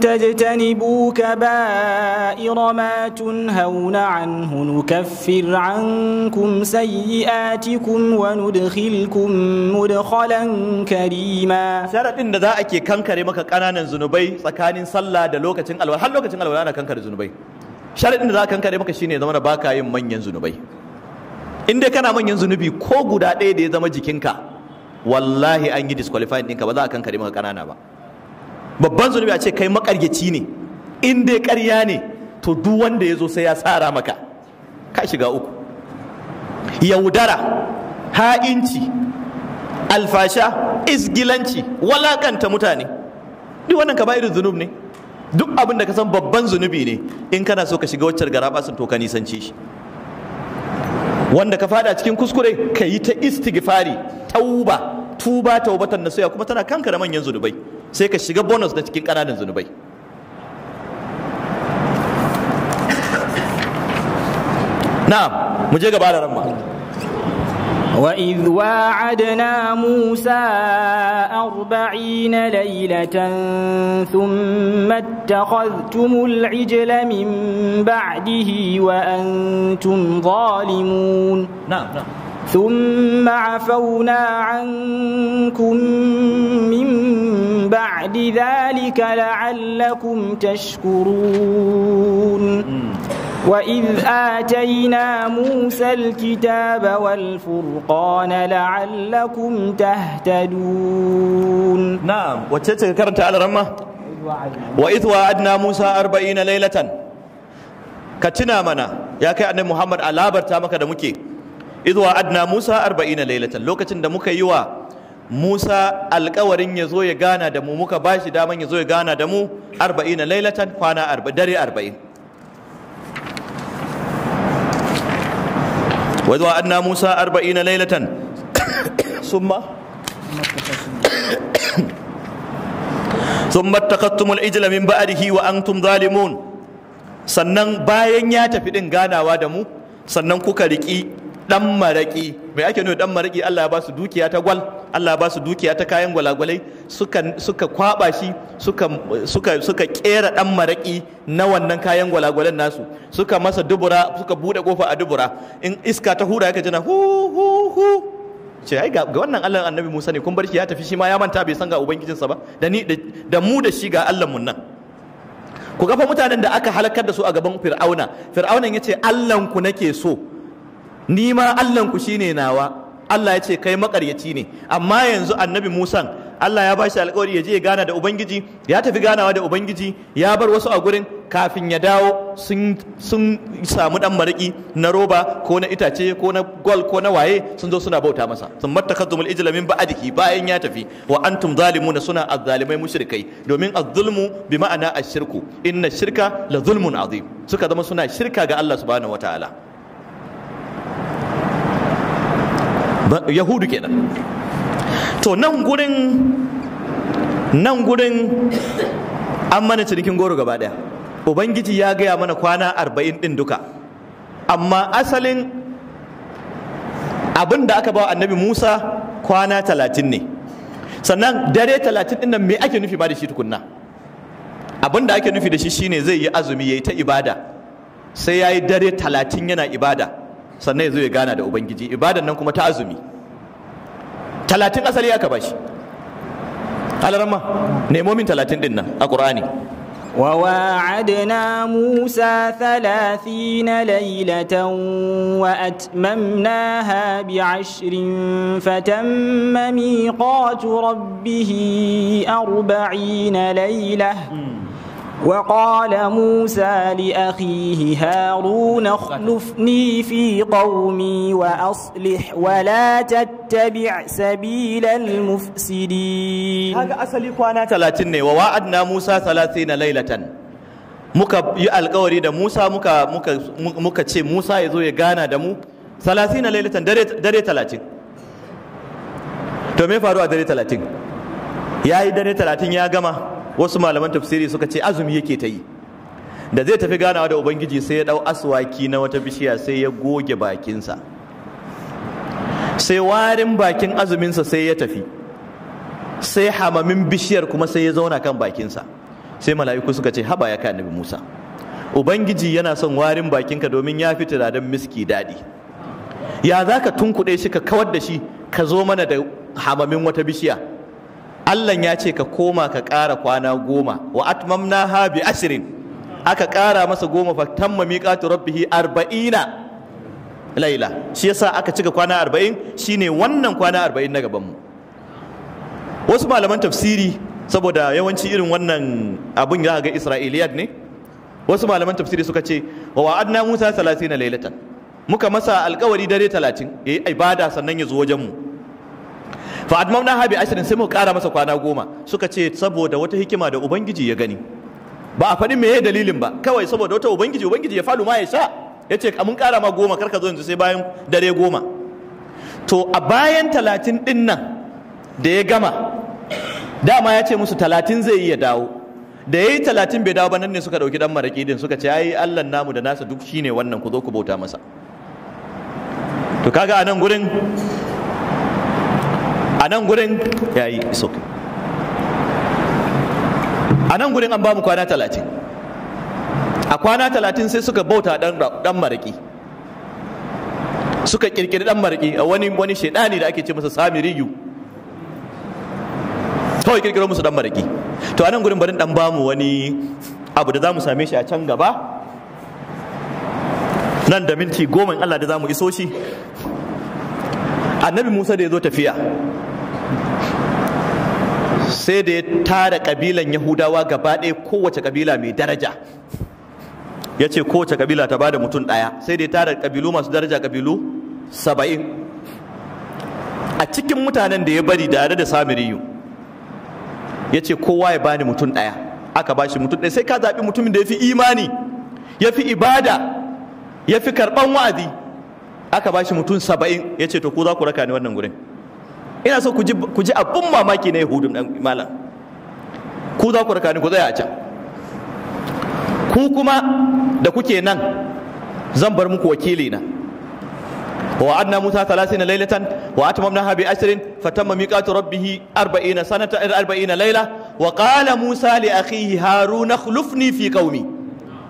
تجتنبوا كبائر ما تنهون عنه نكفر عنكم سيئاتكم وندخلكم مدخلا كريما شرطين da za a ke kankare maka ƙananan zunubai tsakanin sallah da lokacin alwala har lokacin alwala ana kankare zunubai sharaɗin da za a kankare maka shine zama da baka yin manyan zunubai in dai kana manyan zunubi ko guda ɗaya da ya zama jikinka wallahi an yi disqualifying ɗinka ba za a kankare maka ƙanana ba babban zunubi a ce kai makaryaci ne in dai karya ne to duk wanda ya zo sai ya tsara maka ka shiga uku yaudara ha'inci alfasha isgilanci walakanta mutane duk wannan ka irin zunub ne duk abin da ka san babban zunubi ne in kana so ka shiga waccar garaba sun to ka nisance shi wanda ka fada cikin kuskure ka yi ta istighfari tauba tuba taubatan nasuya kuma tana kanka da manyan zunubai sai ka shiga bonus na cikin ƙananan zunubai na'am mu je gaba da ramma وإذ واعدنا موسى أربعين ليلة ثم اتخذتم العجل من بعده وأنتم ظالمون نعم نعم ثم عفونا عنكم من بعد ذلك لعلكم تشكرون وإذ آتينا موسى الكتاب والفرقان لعلكم تهتدون نعم وتتذكرت كرنت على رمه وإذ وعدنا موسى أربعين ليلة كتنا منا يا كأن محمد ألابر تامك دمكي idwa adna Musa 40 lailatan lokacin da muka yi wa Musa alƙawarin ya zo ya gana da mu muka ba shi daman ya zo ya gana da mu 40 lailatan kwana 40 dare 40 wadwa adna Musa 40 lailatan summa summa taqattumul ijla min ba'dihi wa antum zalimun sannan bayan ya tafi din ganawa da mu sannan kuka riki dan maraki mai ake nuna dan maraki Allah ya ba su dukiya ta gwal Allah ya ba su dukiya ta kayan gwalagwalai suka suka kwaba shi suka suka suka kera dan maraki na wannan kayan gwalagwalan nasu suka masa dubura suka bude kofa a dubura in iska ta hura yake jina hu hu hu ce ai ga wannan Allah annabi Musa ne kun bar shi ya tafi shi ma ya manta bai san ga ubangijinsa ba da ni da mu da shi ga Allah mun nan ku kafa mutanen da aka halakar da su a gaban fir'auna fir'aunan ya ce Allahnku nake so ni ma allan shi ne nawa Allah ya ce kai makaryaci ne amma yanzu annabi Musa Allah ya ba shi alƙawari ya je ya gana da ubangiji ya tafi ganawa da ubangiji ya bar wasu a gurin kafin ya dawo sun samu dan mariki na roba ko na itace ko na gol ko na waye sun zo suna bauta masa sun mattakazzumul ijla min badiki bayan ya tafi wa antum zalimuna suna azzalimai mushrikai domin azzulmu bi ma'ana ashirku inna shirka la zulmun azim suka zama suna shirka ga Allah subhanahu wataala yahudu kenan to nan gurin nan gurin an mana cinikin goro gaba daya ubangiji ya gaya mana kwana arba'in din duka amma asalin abin da aka ba annabi musa kwana talatin ne sannan dare talatin din nan me ake nufi ma da shi tukunna abin da ake nufi da shi shine zai yi azumi ya yi ta ibada sai ya yi dare talatin yana ibada sannan ya zo ya gana da ubangiji ibadan nan kuma ta azumi talatin asali aka bashi alarma nemo min talatin din nan a ƙur'ani وواعدنا موسى ثلاثين ليلة وأتممناها بعشر فتم ميقات ربه أربعين ليلة وقال موسى لأخيه هارون اخلفني في قومي وأصلح ولا تتبع سبيل المفسدين هذا أصلي كوانا ثلاثين ووعدنا موسى ثلاثين ليلة muka yi alkawari da Musa muka muka muka ce Musa ya zo ya gana da mu 30 lailatan dare dare 30 to me faru a dare 30 yayi dare 30 ya gama wasu malaman tafsiri suka ce azumi yake ta yi da zai tafi ganawa da ubangiji sai ya dau aswaki na wata bishiya sai ya goge bakinsa sai warin bakin azuminsa sai ya tafi sai hamamin bishiyar kuma sai ya zauna kan bakinsa sai mala'iku suka ce haba ya ka nabi musa ubangiji yana son warin bakinka domin ya fi tunanin miski daɗi ya za ka tunkuɗe shi ka kawar da shi ka zo mana da hamamin wata bishiya Allah ya ce ka koma ka ƙara kwana goma wa atmamna ha bi ashirin aka ƙara masa goma fa tamma miqatu rabbih arba'ina laila shi yasa aka cika kwana arba'in shine wannan kwana arba'in na gaban mu wasu malaman tafsiri saboda yawanci irin wannan abun za ga isra'iliyat ne wasu malaman tafsiri suka ce wa wa'adna musa 30 lailatan muka masa alkawari dare 30 yayi ibada sannan ya zo wajen mu fa admamna habi ashirin sai mu kara masa kwana goma suka ce saboda wata hikima da ubangiji ya gani ba a faɗi meye dalilin ba kawai saboda wata ubangiji ubangiji ya falu ma ya sha ya ce mun kara ma goma karka zo yanzu sai bayan dare goma to a bayan talatin ɗin nan da ya gama dama ya ce musu talatin zai iya dawo da ya yi talatin bai dawo ba nan ne suka ɗauki ɗan maraƙi din suka ce ai allah namu da nasa duk shine wannan ku zo ku bauta masa to kaga a nan gurin a nan gurin ya yi iso a nan gurin an ba mu kwana talatin a kwana talatin sai suka bauta dan maraƙi. suka kirkiri dan maraƙi a wani wani shaidani da ake ce masa riyu kawai kirkiro musu dan maraƙi. to a nan gurin barin dan bamu wani abu da za mu same shi a can gaba nan da minti goma Allah da za mu iso shi annabi musa da ya zo tafiya sai da ya tara kabilan yahudawa gaba ɗaya kowace kabila mai daraja ya ce kowace kabila ta bada mutum ɗaya sai da ya tara kabilu masu daraja kabilu saba'in a cikin mutanen da ya bari da da samiriyu ya ce kowa ya bani mutum ɗaya aka ba shi mutum ɗaya sai ka zaɓi mutumin da ya fi imani ya fi ibada ya fi karɓan wa'azi aka ba shi mutum saba'in ya ce to ku za ku raka ni wannan gurin ina so ku ji abin mamaki na yahudu dan malam ku za ku raka ni ku tsaya a can ku kuma da kuke nan zan bar muku wakili na wa adna musa talasina laylatan wa atamamna ha bi ashrin fatamma miqatu rabbih 40 sanata 40 er, layla wa qala musa li akhihi haruna khlufni fi qaumi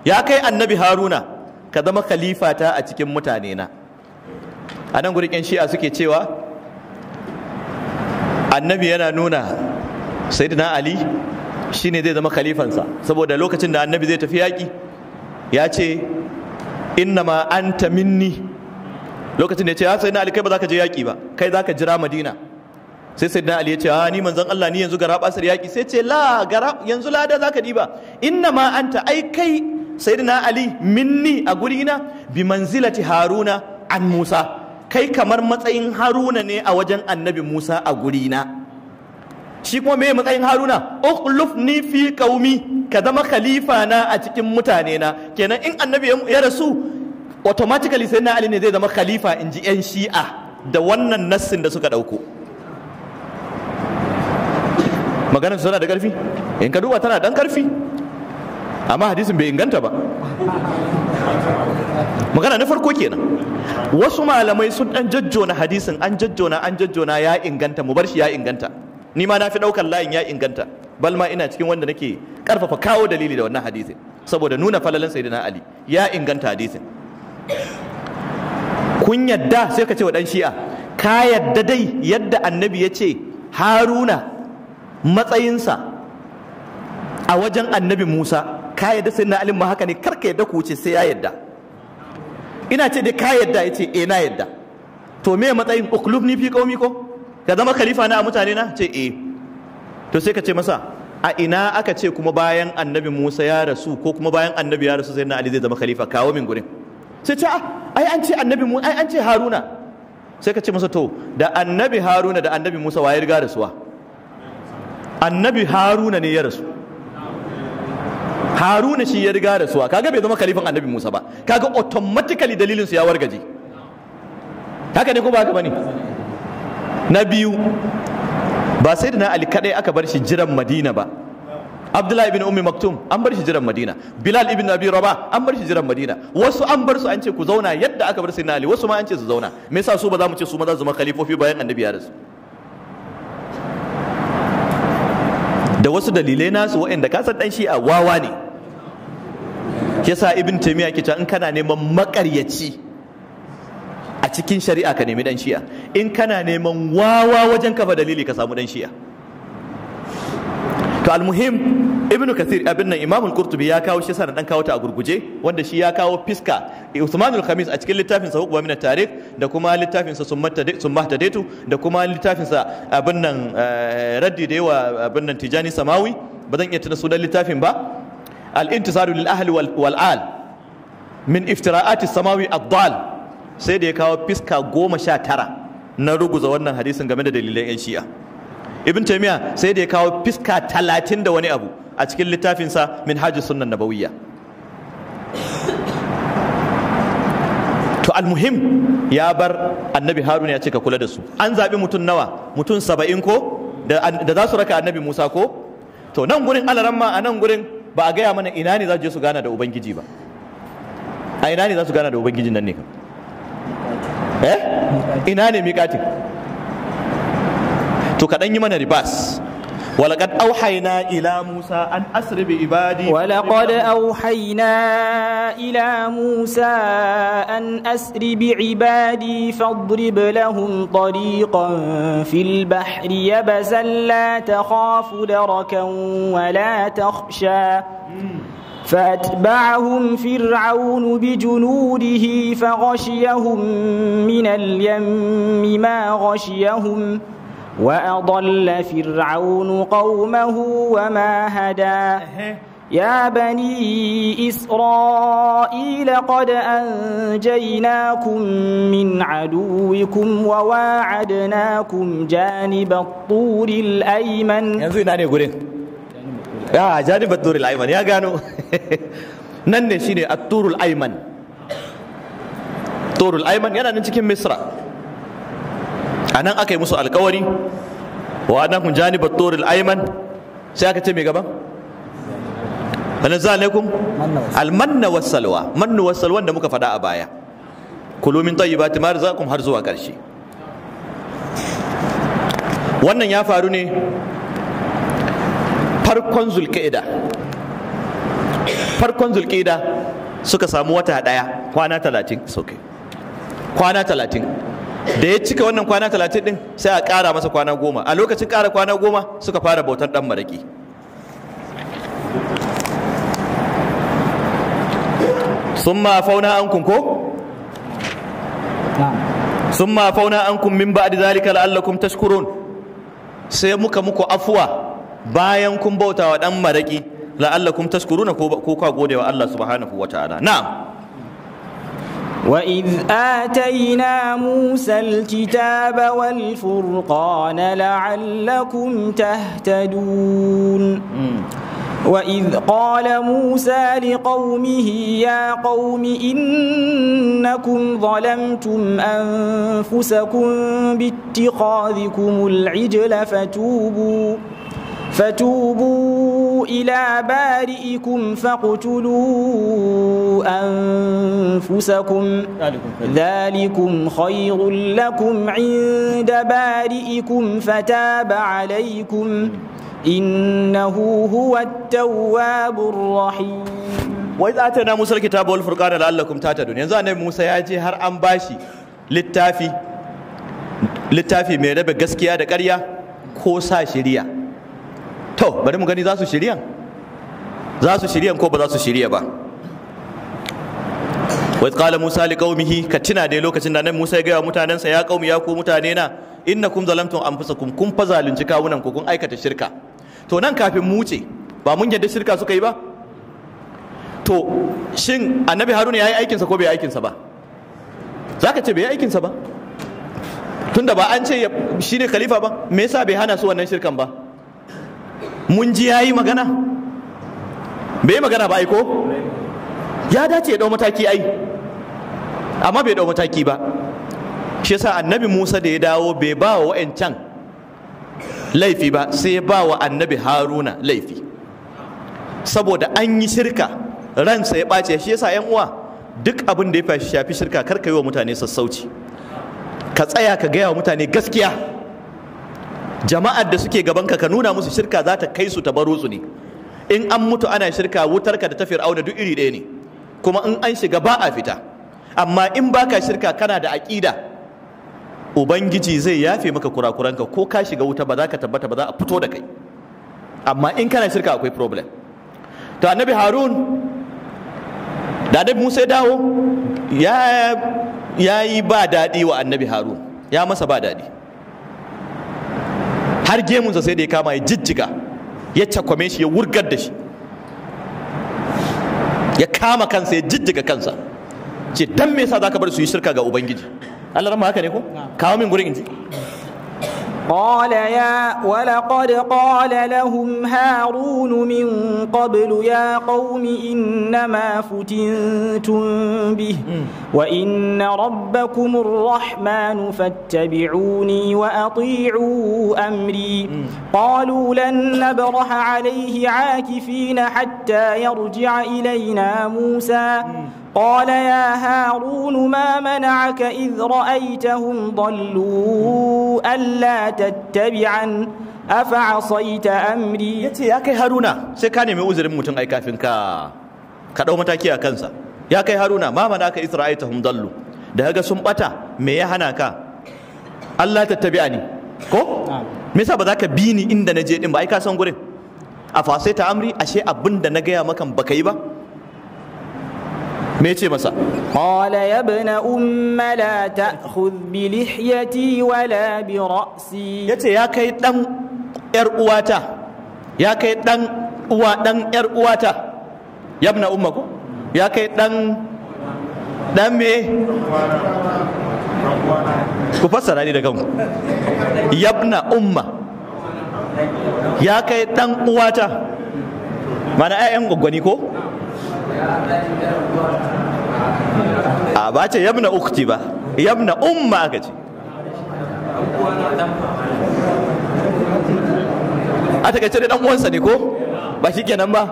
ya kai annabi haruna ka zama khalifata a cikin mutane na anan gurikin shi'a suke cewa annabi yana nuna sayyidina ali shine zai zama khalifansa saboda lokacin da annabi zai tafi yaƙi ya ce an anta minni lokacin da ya ce ya sayyidina ali kai ba za ka je yaƙi ba kai za ka jira madina sai sayyidina ali ya ce ha ah, ni manzon Allah ni yanzu gara basir yaƙi sai ce la gara yanzu lada za ka ma an anta ai kai sayyidina ali minni a gurina bi manzilati haruna an musa kai kamar matsayin haruna ne a wajen annabi musa a gurina shi kuma me matsayin haruna ukhluf ni fi qaumi ka zama khalifa na a cikin mutane na kenan in annabi ya rasu automatically sai na ali ne zai zama khalifa in ji yan shi'a da wannan nassin da suka ɗauko. maganar tana da karfi in ka duba tana dan karfi amma hadisin bai inganta ba magana na farko kenan wasu malamai sun dan jajjona hadisin an jajjona an jajjona ya inganta mu bar shi ya inganta ni ma na fi daukar layin ya inganta bal ma ina cikin wanda nake karfafa kawo dalili da wannan hadisin saboda nuna falalan sayyidina ali ya inganta hadisin kun yadda sai ka ce wa dan shi'a ka yadda dai yadda annabi ya ce haruna matsayinsa a wajen annabi musa ka yadda sayyidina ali ma haka ne karka yadda ku ce sai ya yadda ina ce da ka yadda ce e na yadda to me matsayin ni fi kaumi ko ka zama khalifa na a mutane na ce e. to sai ka ce masa a ina aka ce kuma bayan annabi Musa ya rasu ko kuma bayan annabi ya rasu sai na Ali zai zama khalifa kawo min gurin sai ce ah, ai an ce annabi musa ai an ce Haruna sai ka ce masa to da annabi Haruna da annabi Musa waye riga rasuwa annabi Haruna ne ya rasu haruna shi ya riga da suwa kaga bai zama kalifan annabi musa ba kaga automatically dalilin su ya wargaje haka ne ko ba haka bane na biyu ba sai da na ali kadai aka bar shi jiran madina ba abdullahi ibn ummi maktum an bar shi jiran madina bilal ibn abi rabah an bar shi jiran madina wasu an bar su an ce ku zauna yadda aka bar sai na ali wasu ma an ce su zauna me yasa su ba za mu ce su ma za su zama khalifofi bayan annabi ya rasu da wasu dalilai nasu waɗanda san ɗan shi a wawa ne yasa ibn taimiyya ke in kana neman makaryaci a cikin shari'a ka nemi ɗan shi'a in kana neman wawa wajen kafa dalili ka samu ɗan shi'a to almuhim ibnu kathir abin nan imam al-qurtubi ya kawo shi sanan dan kawo ta a gurguje wanda shi ya kawo fiska usman al-khamis a cikin littafin sa hukuma min tarikh da kuma littafin sa summat tadidu da kuma littafin sa abin nan eh, raddi da yawa abin nan tijani samawi ba zan iya tuna sunan littafin ba al-intisadu lil ahli wal al min iftira'ati samawi ad-dal sai da ya kawo fiska goma sha tara na ruguza wannan hadisin game da dalilan 'yan shi'a ibn taymiya sai da ya kawo fiska talatin da wani abu a cikin littafinsa min hajji sunan nabawiyya to almuhim ya bar annabi haruna ya ce ka kula da su an zaɓi mutum nawa mutum saba'in ko da za su raka annabi musa ko to nan gurin alaramma a nan gurin ba a gaya mana ina ne za su je su gana da ubangiji ba a ina ne za su gana da Ubangiji nan ne eh ina ne miƙatin to kadan yi mana ribas ولقد أوحينا إلى موسى أن أسر بعبادي ولقد أوحينا إلى موسى أن أسر بعبادي فاضرب لهم طريقا في البحر يبسا لا تخاف دركا ولا تخشى فأتبعهم فرعون بجنوده فغشيهم من اليم ما غشيهم وأضل فرعون قومه وما هدى يا بني إسرائيل قد أنجيناكم من عدوكم وواعدناكم جانب الطور الأيمن ينزل ناني قولين يا جانب الطور الأيمن يا قانو نن شيني الطور الأيمن طور الأيمن يانا ننشكي مصر a nan aka yi musu alkawari wa kun janibat turil ayman sai aka ce mai gaba anazza alaikum almanna wassalwa mannu salwan da muka faɗa a baya kulu min tayyibati ma razaqakum har zuwa ƙarshe wannan ya faru ne farkon zulqa'ida farkon zulqa'ida suka samu wata daya kwana 30 kwana da ya cika wannan kwana talatin din sai a ƙara masa kwana goma a lokacin ƙara kwana goma suka fara bautar ɗan maraƙi sun ma fauna an kun ko? sun ma fauna an kun min ba'di zalika la'allakum tashkurun sai muka muku afuwa bayan kun bauta wa ɗan maraƙi la'allakum tashkuruna ko kwa gode wa Allah subhanahu wa ta'ala na'am وإذ آتينا موسى الكتاب والفرقان لعلكم تهتدون وإذ قال موسى لقومه يا قوم إنكم ظلمتم أنفسكم باتخاذكم العجل فتوبوا فتوبوا ارجعوا إلى بارئكم فاقتلوا أنفسكم ذلكم خير لكم عند بارئكم فتاب عليكم إنه هو التواب الرحيم wai za ta na musa kitabu wal furqana la'allakum tatadun yanzu annabi Musa ya je har an bashi littafi mai rabe gaskiya da karya ko sa shari'a to bari mu gani za su shirya za su shirya ko ba za su shirya ba wai kala musa li qaumihi ka tuna dai lokacin da nan musa ya gaya mutanensa ya qaumi ya ku mutane na innakum zalamtum anfusakum kun fa zalunci kawunan ku kun aikata shirka to nan kafin mu wuce ba mun yadda shirka suka yi ba to shin annabi haruna ya yi aikinsa ko bai yi aikinsa ba za ka ce bai yi aikinsa ba tunda ba an ce shi ne khalifa ba me yasa bai hana su wannan shirkan ba mun ji ya yi magana bai magana ba aiko ya dace ya ɗau mataki ai amma bai ɗau mataki ba shi yasa annabi musa da ya dawo bai ba wa wa'ancan laifi ba sai ba wa annabi haruna laifi saboda an yi shirka ransa ya ɓace shi yasa yan uwa duk abin da ya shafi shirka kar ka yi wa mutane sassauci ka tsaya ka gaya wa mutane gaskiya jama'ar da suke gabanka ka nuna musu shirka za ta kai su ta baro su ne in an mutu ana shirka wutarka da ta da duk iri ɗaya ne kuma in an shiga ba a fita amma in baka shirka kana da aƙida ubangiji zai yafe maka kurakuranka ko ka shiga wuta ba za ka tabbata ba za a fito da kai amma in kana shirka akwai problem to annabi harun da annabi musa ya dawo ya yi ba daɗi wa annabi harun ya masa ba daɗi har gemunsa sai da ya kama ya jijjiga ya cakwame shi ya wurgar da shi ya kama kansa ya jijjiga kansa ce dan me yasa zaka bar su yi shirka ga ubangiji Allah rama haka ne ko kawo min gurin inji قال يا ولقد قال لهم هارون من قبل يا قوم إنما فتنتم به وإن ربكم الرحمن فاتبعوني وأطيعوا أمري قالوا لن نبرح عليه عاكفين حتى يرجع إلينا موسى قال يا هارون ما منعك إذ رأيتهم ضلوا ألا تتبعا أفعصيت أمري يتي يا كي هارونا سيكاني من أزر متن أي كافن كا كدو متاكي كنسا يا كي هارونا ما منعك إذ رأيتهم ضلوا ده هجا سمبتا ميهانا كا ألا تتبعني كو ميسا بذاك بيني za ka bi ni inda أفعصيت أمري din ba ai ka بكيبا me ce masa qala ya ibna umma la ta'khudh bi lihyati wala bi ra'si yace ya kai dan yar uwata ya kai dan uwa dan yar uwata ya umma ko ya kai dan dan me ku fassara ni da kanku yabna umma ya kai dan uwata mana ayyan gwaggwani ko a ba ce yabna ukti ba yabna umma aka ce a takaice da dan uwansa ne ko ba shi kenan ba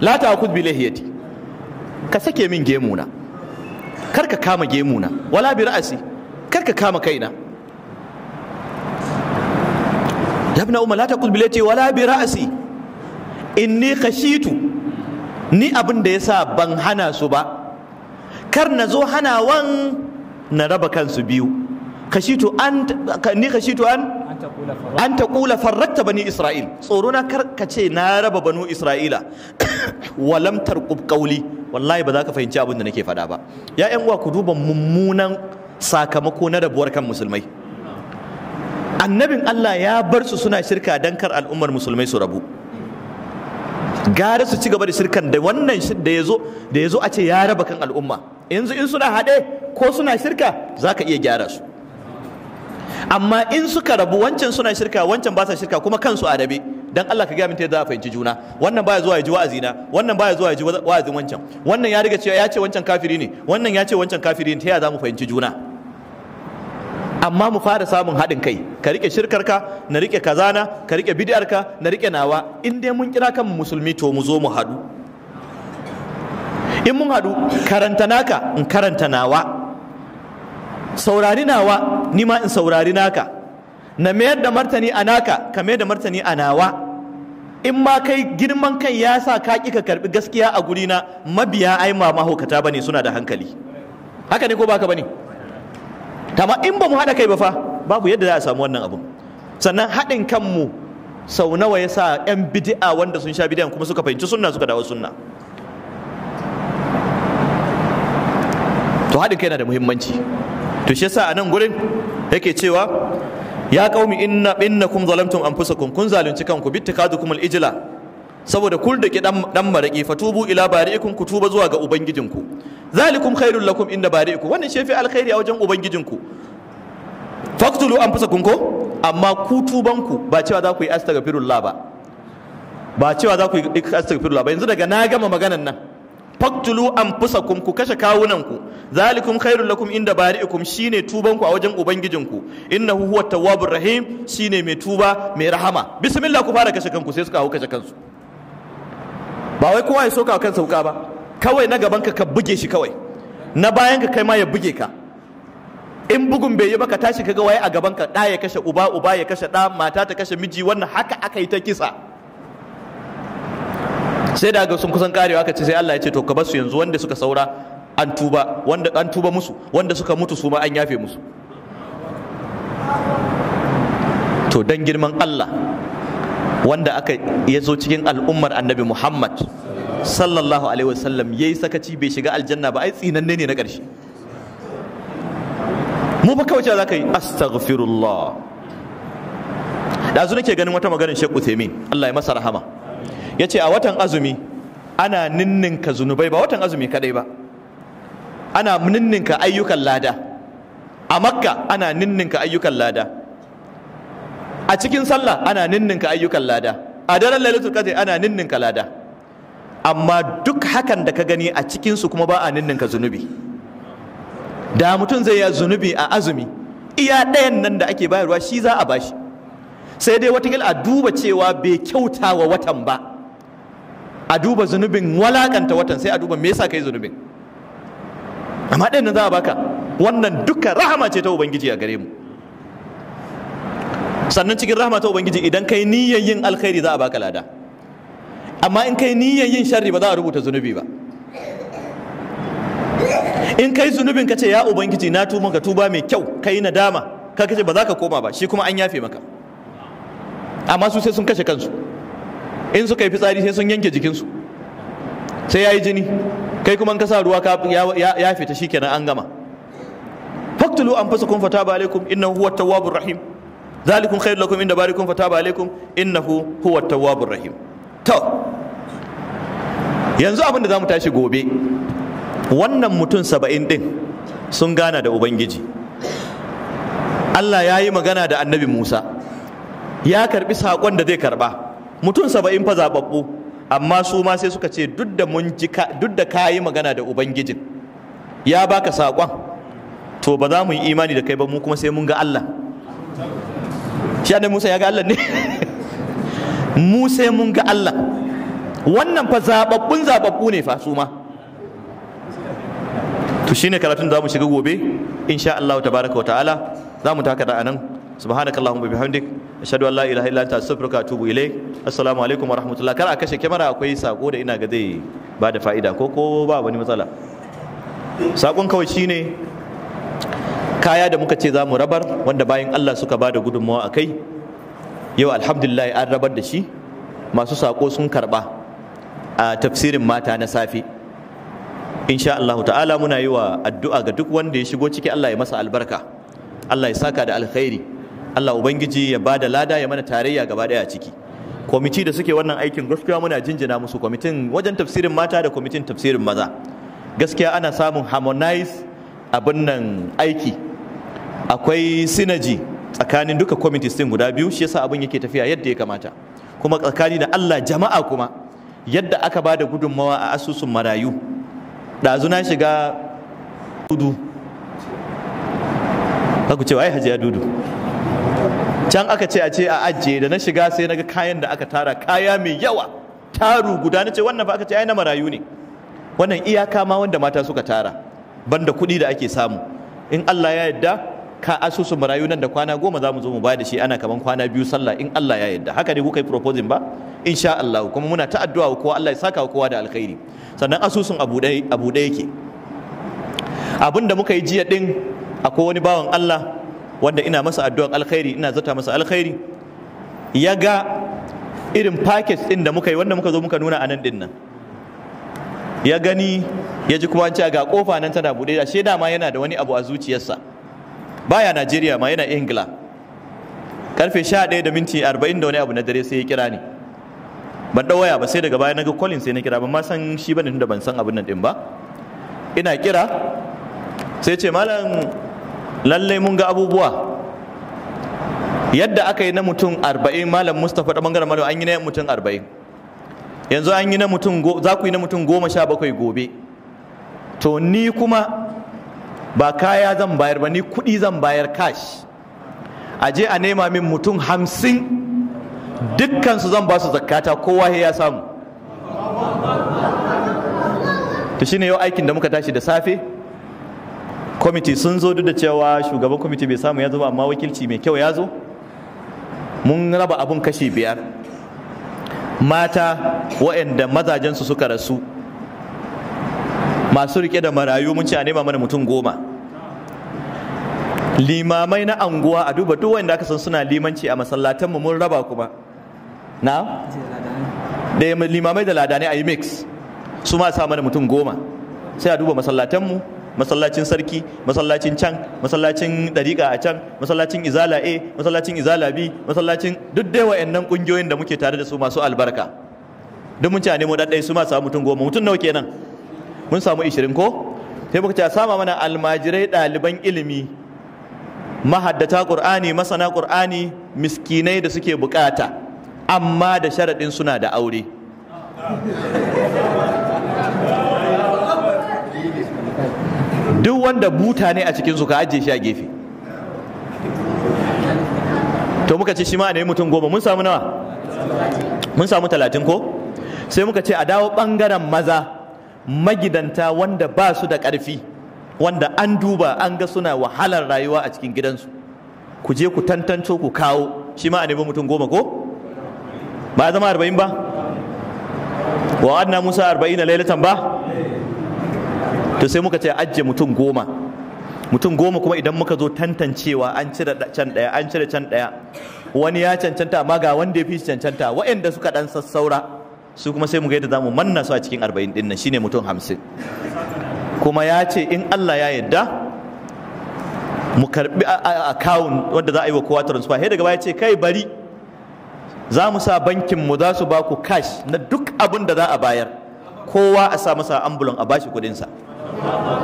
la ta kud bi lahiyati ka sake min gemuna kar ka kama gemuna wala bi ra'asi kar ka kama kaina yabna umma la ta kud bi lahiyati wala bi ra'asi inni khashitu ni abin da ya sa ban hana su ba kar na zo hanawan na raba kansu biyu kashitu an to an ta kula farrakta bani isra'il tsoro na kar ka ce na raba banu isra'ila walam tarqub qawli wallahi ba za ka fahimci abin da nake faɗa ba ya yan uwa ku duba mummunan sakamako na rabuwar kan musulmai annabin Allah ya bar su suna shirka dan kar al'ummar musulmai su rabu gara su ci gaba da shirkan da wannan da ya zo da ya zo a ce ya raba kan al'umma yanzu in suna haɗe ko suna shirka za ka iya gyara su amma in suka rabu wancan suna shirka wancan ba sa shirka kuma kansu a rabe dan Allah ka ga min ta za a fahimci juna wannan baya zuwa ya ji wa'azi na wannan baya zuwa ya ji wa'azin wancan wannan ya riga cewa ya ce wancan kafiri ne wannan ya ce wancan kafiri ne ta ya za mu fahimci juna amma mu fara samun haɗin kai ka rike shirkarka na rike kazana ka rike bid'arka na rike nawa in dai mun kira kanmu musulmi to mu zo mu haɗu in mun haɗu karanta naka in karanta nawa saurari nawa ni ma in saurari naka na mayar da martani a naka ka mayar da martani a nawa in ma kai girman kai ya sa ka ki ka karɓi gaskiya a gurina mabiya ai ma mahaukata bane suna da hankali haka ne ko baka bane tama in ba mu haɗa kai ba fa babu yadda za a samu wannan abun sannan haɗin kanmu sau nawa ya sa 'yan bidi'a wanda sun sha bidi'an kuma suka fahimci sunna suka dawo sunna to haɗin kai yana da muhimmanci to shi yasa a nan gurin yake cewa ya qaumi inna innakum zalamtum anfusakum kun zalunci kanku bittikadukum al-ijla saboda kul da ke dan maraki fatubu ila bari'ikum ku tuba zuwa ga ubangijinku zalikum khairul lakum inda bari'ikum wannan shefi alkhairi a wajen ubangijinku faqtulu anfusakum ko amma ku tubanku ba cewa za ku yi astaghfirullah ba ba cewa za ku yi astaghfirullah ba yanzu daga na gama maganan nan faqtulu anfusakum ku kashe kawunanku zalikum khairul lakum inda bari'ikum shine tubanku a wajen ubangijinku innahu huwa tawwabur rahim shine mai tuba mai rahama bismillah ku fara kashe kanku sai suka hau kashe kansu ba wai kowa ya soka kansa wuka ba kawai na gaban ka ka buge shi kawai na bayan ka kai ma ya buge ka in bugun bai yi ba ka tashi ka ga waye a gaban ka da ya kashe uba uba ya kashe da mata ta kashe miji wannan haka aka yi ta kisa sai da ga sun kusan karewa ka ce sai Allah ya ce to ka basu yanzu wanda suka saura an tuba wanda an tuba musu wanda suka mutu su ma an yafe musu to dan girman Allah wanda aka ya zo cikin al'ummar annabi muhammad sallallahu alaihi wasallam ya yi sakaci bai shiga aljanna ba ai tsinanne ne na ƙarshe mu fa kawai za ka yi astaghfirullah ɗazu nake ganin wata maganin shekku teme allah ya masa rahama ya ce a watan azumi ana ninninka zunubai ba watan azumi kadai ba ana ninninka ayyukan lada a makka ana ninninka ayyukan lada a cikin sallah ana ninninka ayyukan lada a daren lailatul qadr ana ninninka lada amma duk hakan da ka gani a cikin su kuma ba a ninninka zunubi da mutum zai ya zunubi a azumi iya ɗayan nan da ake bayarwa shi za a bashi sai dai watakila a duba cewa bai kyauta wa watan ba a duba zunubin walakanta watan sai a duba me yasa kai zunubin amma ɗayan nan za a baka wannan duka rahama ce ta ubangiji a gare mu sannan cikin rahama ta ubangiji idan kai niyyar yin alkhairi za a baka lada amma in kai niyyar yin sharri ba za a rubuta zunubi ba in kai zunubin ka ce ya ubangiji na tuba ka tuba mai kyau kai nadama ka kace ba za ka koma ba shi kuma an yafe maka amma su sai sun kashe kansu in suka yi fitsari sai sun yanke jikinsu sai ya yi jini kai kuma ka sa ruwa ya fita shi kenan an gama faktulu an fasa kun fata ba alaikum innahu huwa tawwabur rahim zalikun khair lakum inda barikum fataba alaikum innahu huwa tawwabur rahim to yanzu abin da zamu tashi gobe wannan mutum 70 din sun gana da ubangiji Allah ya yi magana da annabi Musa ya karbi sakon da zai karba mutum saba'in fa zababbu amma su ma sai suka ce duk da mun duk da ka yi magana da ubangijin ya baka sakon to ba za mu yi imani da kai ba mu kuma sai mun ga Allah shi ne Musa ya ga Allah ne Musa mun ga Allah wannan fa zababbun zababbu ne fa su ma to shine karatun da mu shiga gobe insha Allah tabaraka wa ta'ala za mu taka da anan subhanakallahumma bihamdik ashhadu an la ilaha illa anta astaghfiruka wa atubu ilayk assalamu alaikum wa rahmatullah kar a kashe kyamara akwai sako da ina ga zai ba da fa'ida ko ko ba wani matsala sakon kawai shine kaya da muka ce za mu rabar wanda bayan Allah suka ba da gudunmawa a kai yau alhamdulillah an rabar da shi masu saƙo sun karɓa a tafsirin mata na safe insha Allah ta'ala muna yi wa addu'a ga duk wanda ya shigo ciki Allah ya masa albarka Allah ya saka da alkhairi Allah ubangiji ya ba da lada ya mana tarayya gaba daya ciki kwamiti da suke wannan aikin gaskiya muna jinjina musu kwamitin wajen tafsirin mata da kwamitin tafsirin maza gaskiya ana samun harmonize abin nan aiki akwai sinaji tsakanin duka committees din guda biyu shi yasa abin yake tafiya yadda ya kamata kuma tsakani da Allah jama'a kuma yadda aka bada gudunmawa a asusun marayu ɗazu na shiga dudu ka ku ce ai hajiya dudu can aka ce a ce a ajiye da na shiga sai na ga kayan da aka tara kaya mai yawa taru guda na ce wannan ba aka ce ai na marayu ne wannan iyaka ma wanda mata suka tara banda kuɗi da ake samu in Allah ya yarda ka asusun marayu nan da kwana goma za mu zo mu bada da shi ana kaman kwana biyu sallah in Allah ya yarda haka ne kuka yi proposing ba insha Allah kuma muna ta addu'a ko Allah ya saka kowa da alkhairi sannan asusun abu dai abu dai yake abin da muka yi jiya din akwai wani bawan Allah wanda ina masa addu'an alkhairi ina zata masa alkhairi ya ga irin package din da muka yi wanda muka zo muka nuna a nan din nan ya gani ya ji kuma an ce ga kofa nan tana buɗe. da dama yana da wani abu a zuciyarsa baya Najeriya ma yana Ingila karfe 11 da minti 40 da wani abu na dare sai ya kira ni ban da waya ba sai daga baya naga Collins sai na kira ban ma san shi bane tunda ban san abin nan din ba ina kira sai ce malam lalle mun ga abubuwa yadda aka yi na mutum 40 malam Mustapha da bangaren malam an yi na mutum 40 yanzu an yi na mutum za ku yi na mutum 17 gobe to ni kuma ba kaya zan bayar ba ni kuɗi zan bayar cash a je a nema min mutum hamsin dukkansu zan ba su zakata kowa ya samu to shine yau aikin da muka tashi da safe kwamiti sun zo duk da cewa shugaban kwamiti bai samu ya zo amma wakilci mai kyau ya zo mun raba abun kashi biyar mata waɗanda mazajensu suka rasu masu rike da marayu mun ce a nema mana mutum goma limamai na anguwa a duba duk wanda aka san suna limanci a masallatanmu mun raba kuma na da limamai da ladane a yi mix su ma sa mana mutum goma sai a duba masallatanmu masallacin sarki masallacin can masallacin dariƙa a can masallacin izala a masallacin izala b masallacin duk dai wa'annan ƙungiyoyin da muke tare da su masu albarka duk mun ci a nemo ɗaɗɗai su ma sa mutum goma mutum nawa kenan mun samu 20 ko sai muka ce sama mana almajirai ɗaliban ilimi mahaddata ƙur'ani masana ƙur'ani miskinai da suke bukata amma da sharaɗin suna da aure duk wanda buta ne a cikinsu ka ajiye shi a gefe to muka ce shi ma ne mutum goma mun samu nawa mun samu talatin ko sai muka ce a dawo ɓangaren maza magidanta wanda ba su da ƙarfi wanda an duba an ga suna wahalar rayuwa a cikin gidansu ku je ku tantanco ku kawo shi ma a nemi mutum goma ko ba a zama arba'in ba wa adna musa arba'in na lailatan ba to sai muka ce ajiye mutum goma mutum goma kuma idan muka zo tantancewa an cire can ɗaya an cire can ɗaya wani ya cancanta amma ga wanda ya fi cancanta waɗanda suka ɗan sassaura su kuma sai mu ga yadda za mu manna su a cikin arba'in dinnan, nan shine mutum hamsin. kuma ya ce in Allah ya yadda mu karbi account wanda za a yi wa kowa transfer sai daga baya ce kai bari za mu sa bankin mu za su ba ku cash na duk abin da za a bayar kowa a sa masa ambulon a bashi kudin sa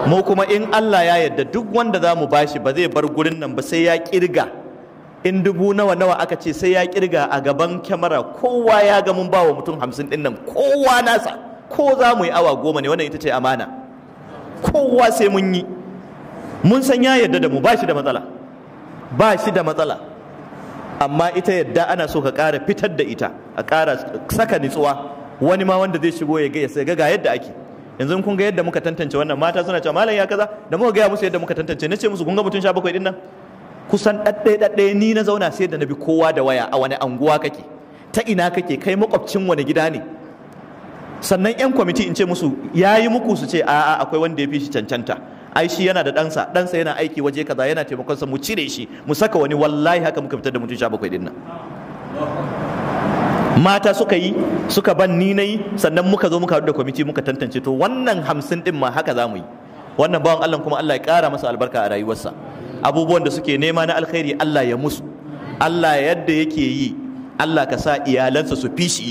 mu kuma in Allah ya yadda duk wanda za mu bashi ba zai bar gurin nan ba sai ya kirga in dubu nawa nawa aka ce sai ya kirga a gaban kyamara kowa ya ga mun bawa mutum hamsin din nan kowa nasa ko za mu yi awa goma ne wannan ita ce amana kowa sai mun yi mun san ya yarda da mu ba shi da matsala ba shi da matsala amma ita yadda ana so ka ƙara fitar da ita a ƙara saka nitsuwa wani ma wanda zai shigo ya ga ga yadda ake yanzu kun ga yadda muka tantance wannan mata suna cewa malam ya kaza da muka gaya musu yadda muka tantance na ce musu kun ga mutum sha din nan kusan ɗaɗɗe-ɗaɗɗe ni na zauna sai da na bi kowa da waya a wani anguwa kake ta ina kake kai makwabcin wani gida ne sannan 'yan kwamiti in ce musu ya yi muku su ce a'a akwai wanda ya fi shi cancanta ai shi yana da ɗansa ɗansa yana aiki waje kaza yana taimakon sa mu cire shi mu saka wani wallahi haka muka fitar da mutum sha bakwai dinnan mata suka yi suka ban ni na yi sannan muka zo muka haɗu da kwamiti muka tantance to wannan hamsin ɗin ma haka za mu yi wannan bawan allah kuma allah ya ƙara masa albarka a rayuwarsa abubuwan da suke nema na alkhairi Allah ya musu Allah yadda yake yi Allah ka sa iyalansa su fi shi.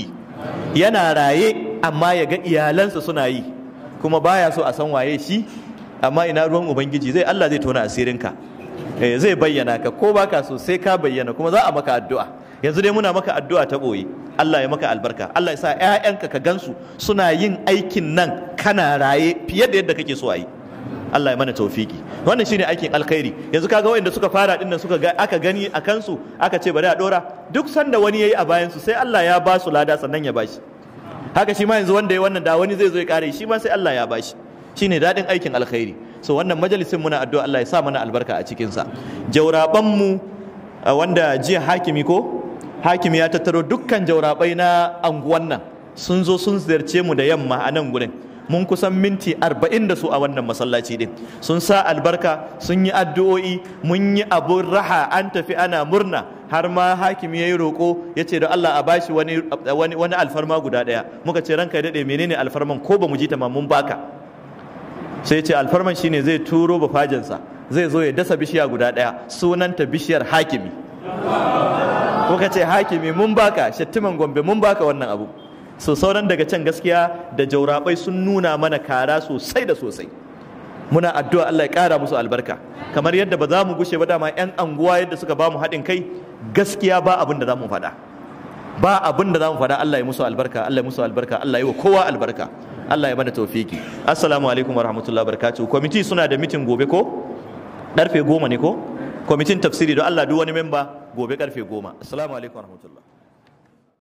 yana raye amma ya ga iyalansa suna yi kuma baya so a san waye shi amma ina ruwan ubangiji zai Allah zai tona asirinka eh zai bayyana ka ko baka so sai ka bayyana kuma za a maka addu'a yanzu dai muna maka addu'a ta boye Allah ya maka albarka Allah ya sa ƴaƴanka ka gansu suna yin aikin nan kana raye fiye da yadda kake so a yi Allah ya mana taufiki wannan shine aikin alkhairi yanzu kaga wayanda suka fara din nan suka ga aka gani a kansu aka ce bari a dora duk sanda wani yayi a bayan su sai Allah ya ba su lada sannan ya bashi haka shi ma yanzu wanda yayi wannan da wani zai zo ya kare shi ma sai Allah ya bashi shine dadin aikin alkhairi so wannan majalisin muna addu'a Allah ya sa mana albarka a cikin sa jawraban mu wanda jiya hakimi ko hakimi ya tattaro dukkan jaurabai na anguwan nan sun zo sun ziyarce mu da yamma a nan gurin mun kusan minti arba'in da su a wannan masallaci din sun sa albarka sun yi addu'o'i mun yi abun raha an tafi ana murna har ma hakimi ya yi roƙo ya ce da Allah a bashi wani, alfarma guda ɗaya muka ce ranka daɗe menene alfarman ko ba mu ji ta mun baka sai ce alfarman shine zai turo ba fajinsa zai zo ya dasa bishiya guda ɗaya sunanta bishiyar hakimi kuka ce hakimi mun baka shattiman gombe mun baka wannan abu so sauran daga can gaskiya da jaurabai sun nuna mana kara sosai da sosai muna addu'a Allah ya kara musu albarka kamar yadda ba za mu gushe ba dama yan anguwa yadda suka ba mu haɗin kai gaskiya ba abin da za mu faɗa ba abin da za mu faɗa Allah ya musu albarka Allah ya musu albarka Allah ya wa kowa albarka Allah ya bada tawfiki assalamu alaikum wa wabarakatuh wa kwamiti suna da mitin gobe ko Ɗarfe goma ne ko kwamitin tafsiri don Allah duk wani memba gobe ƙarfe goma assalamu alaikum wa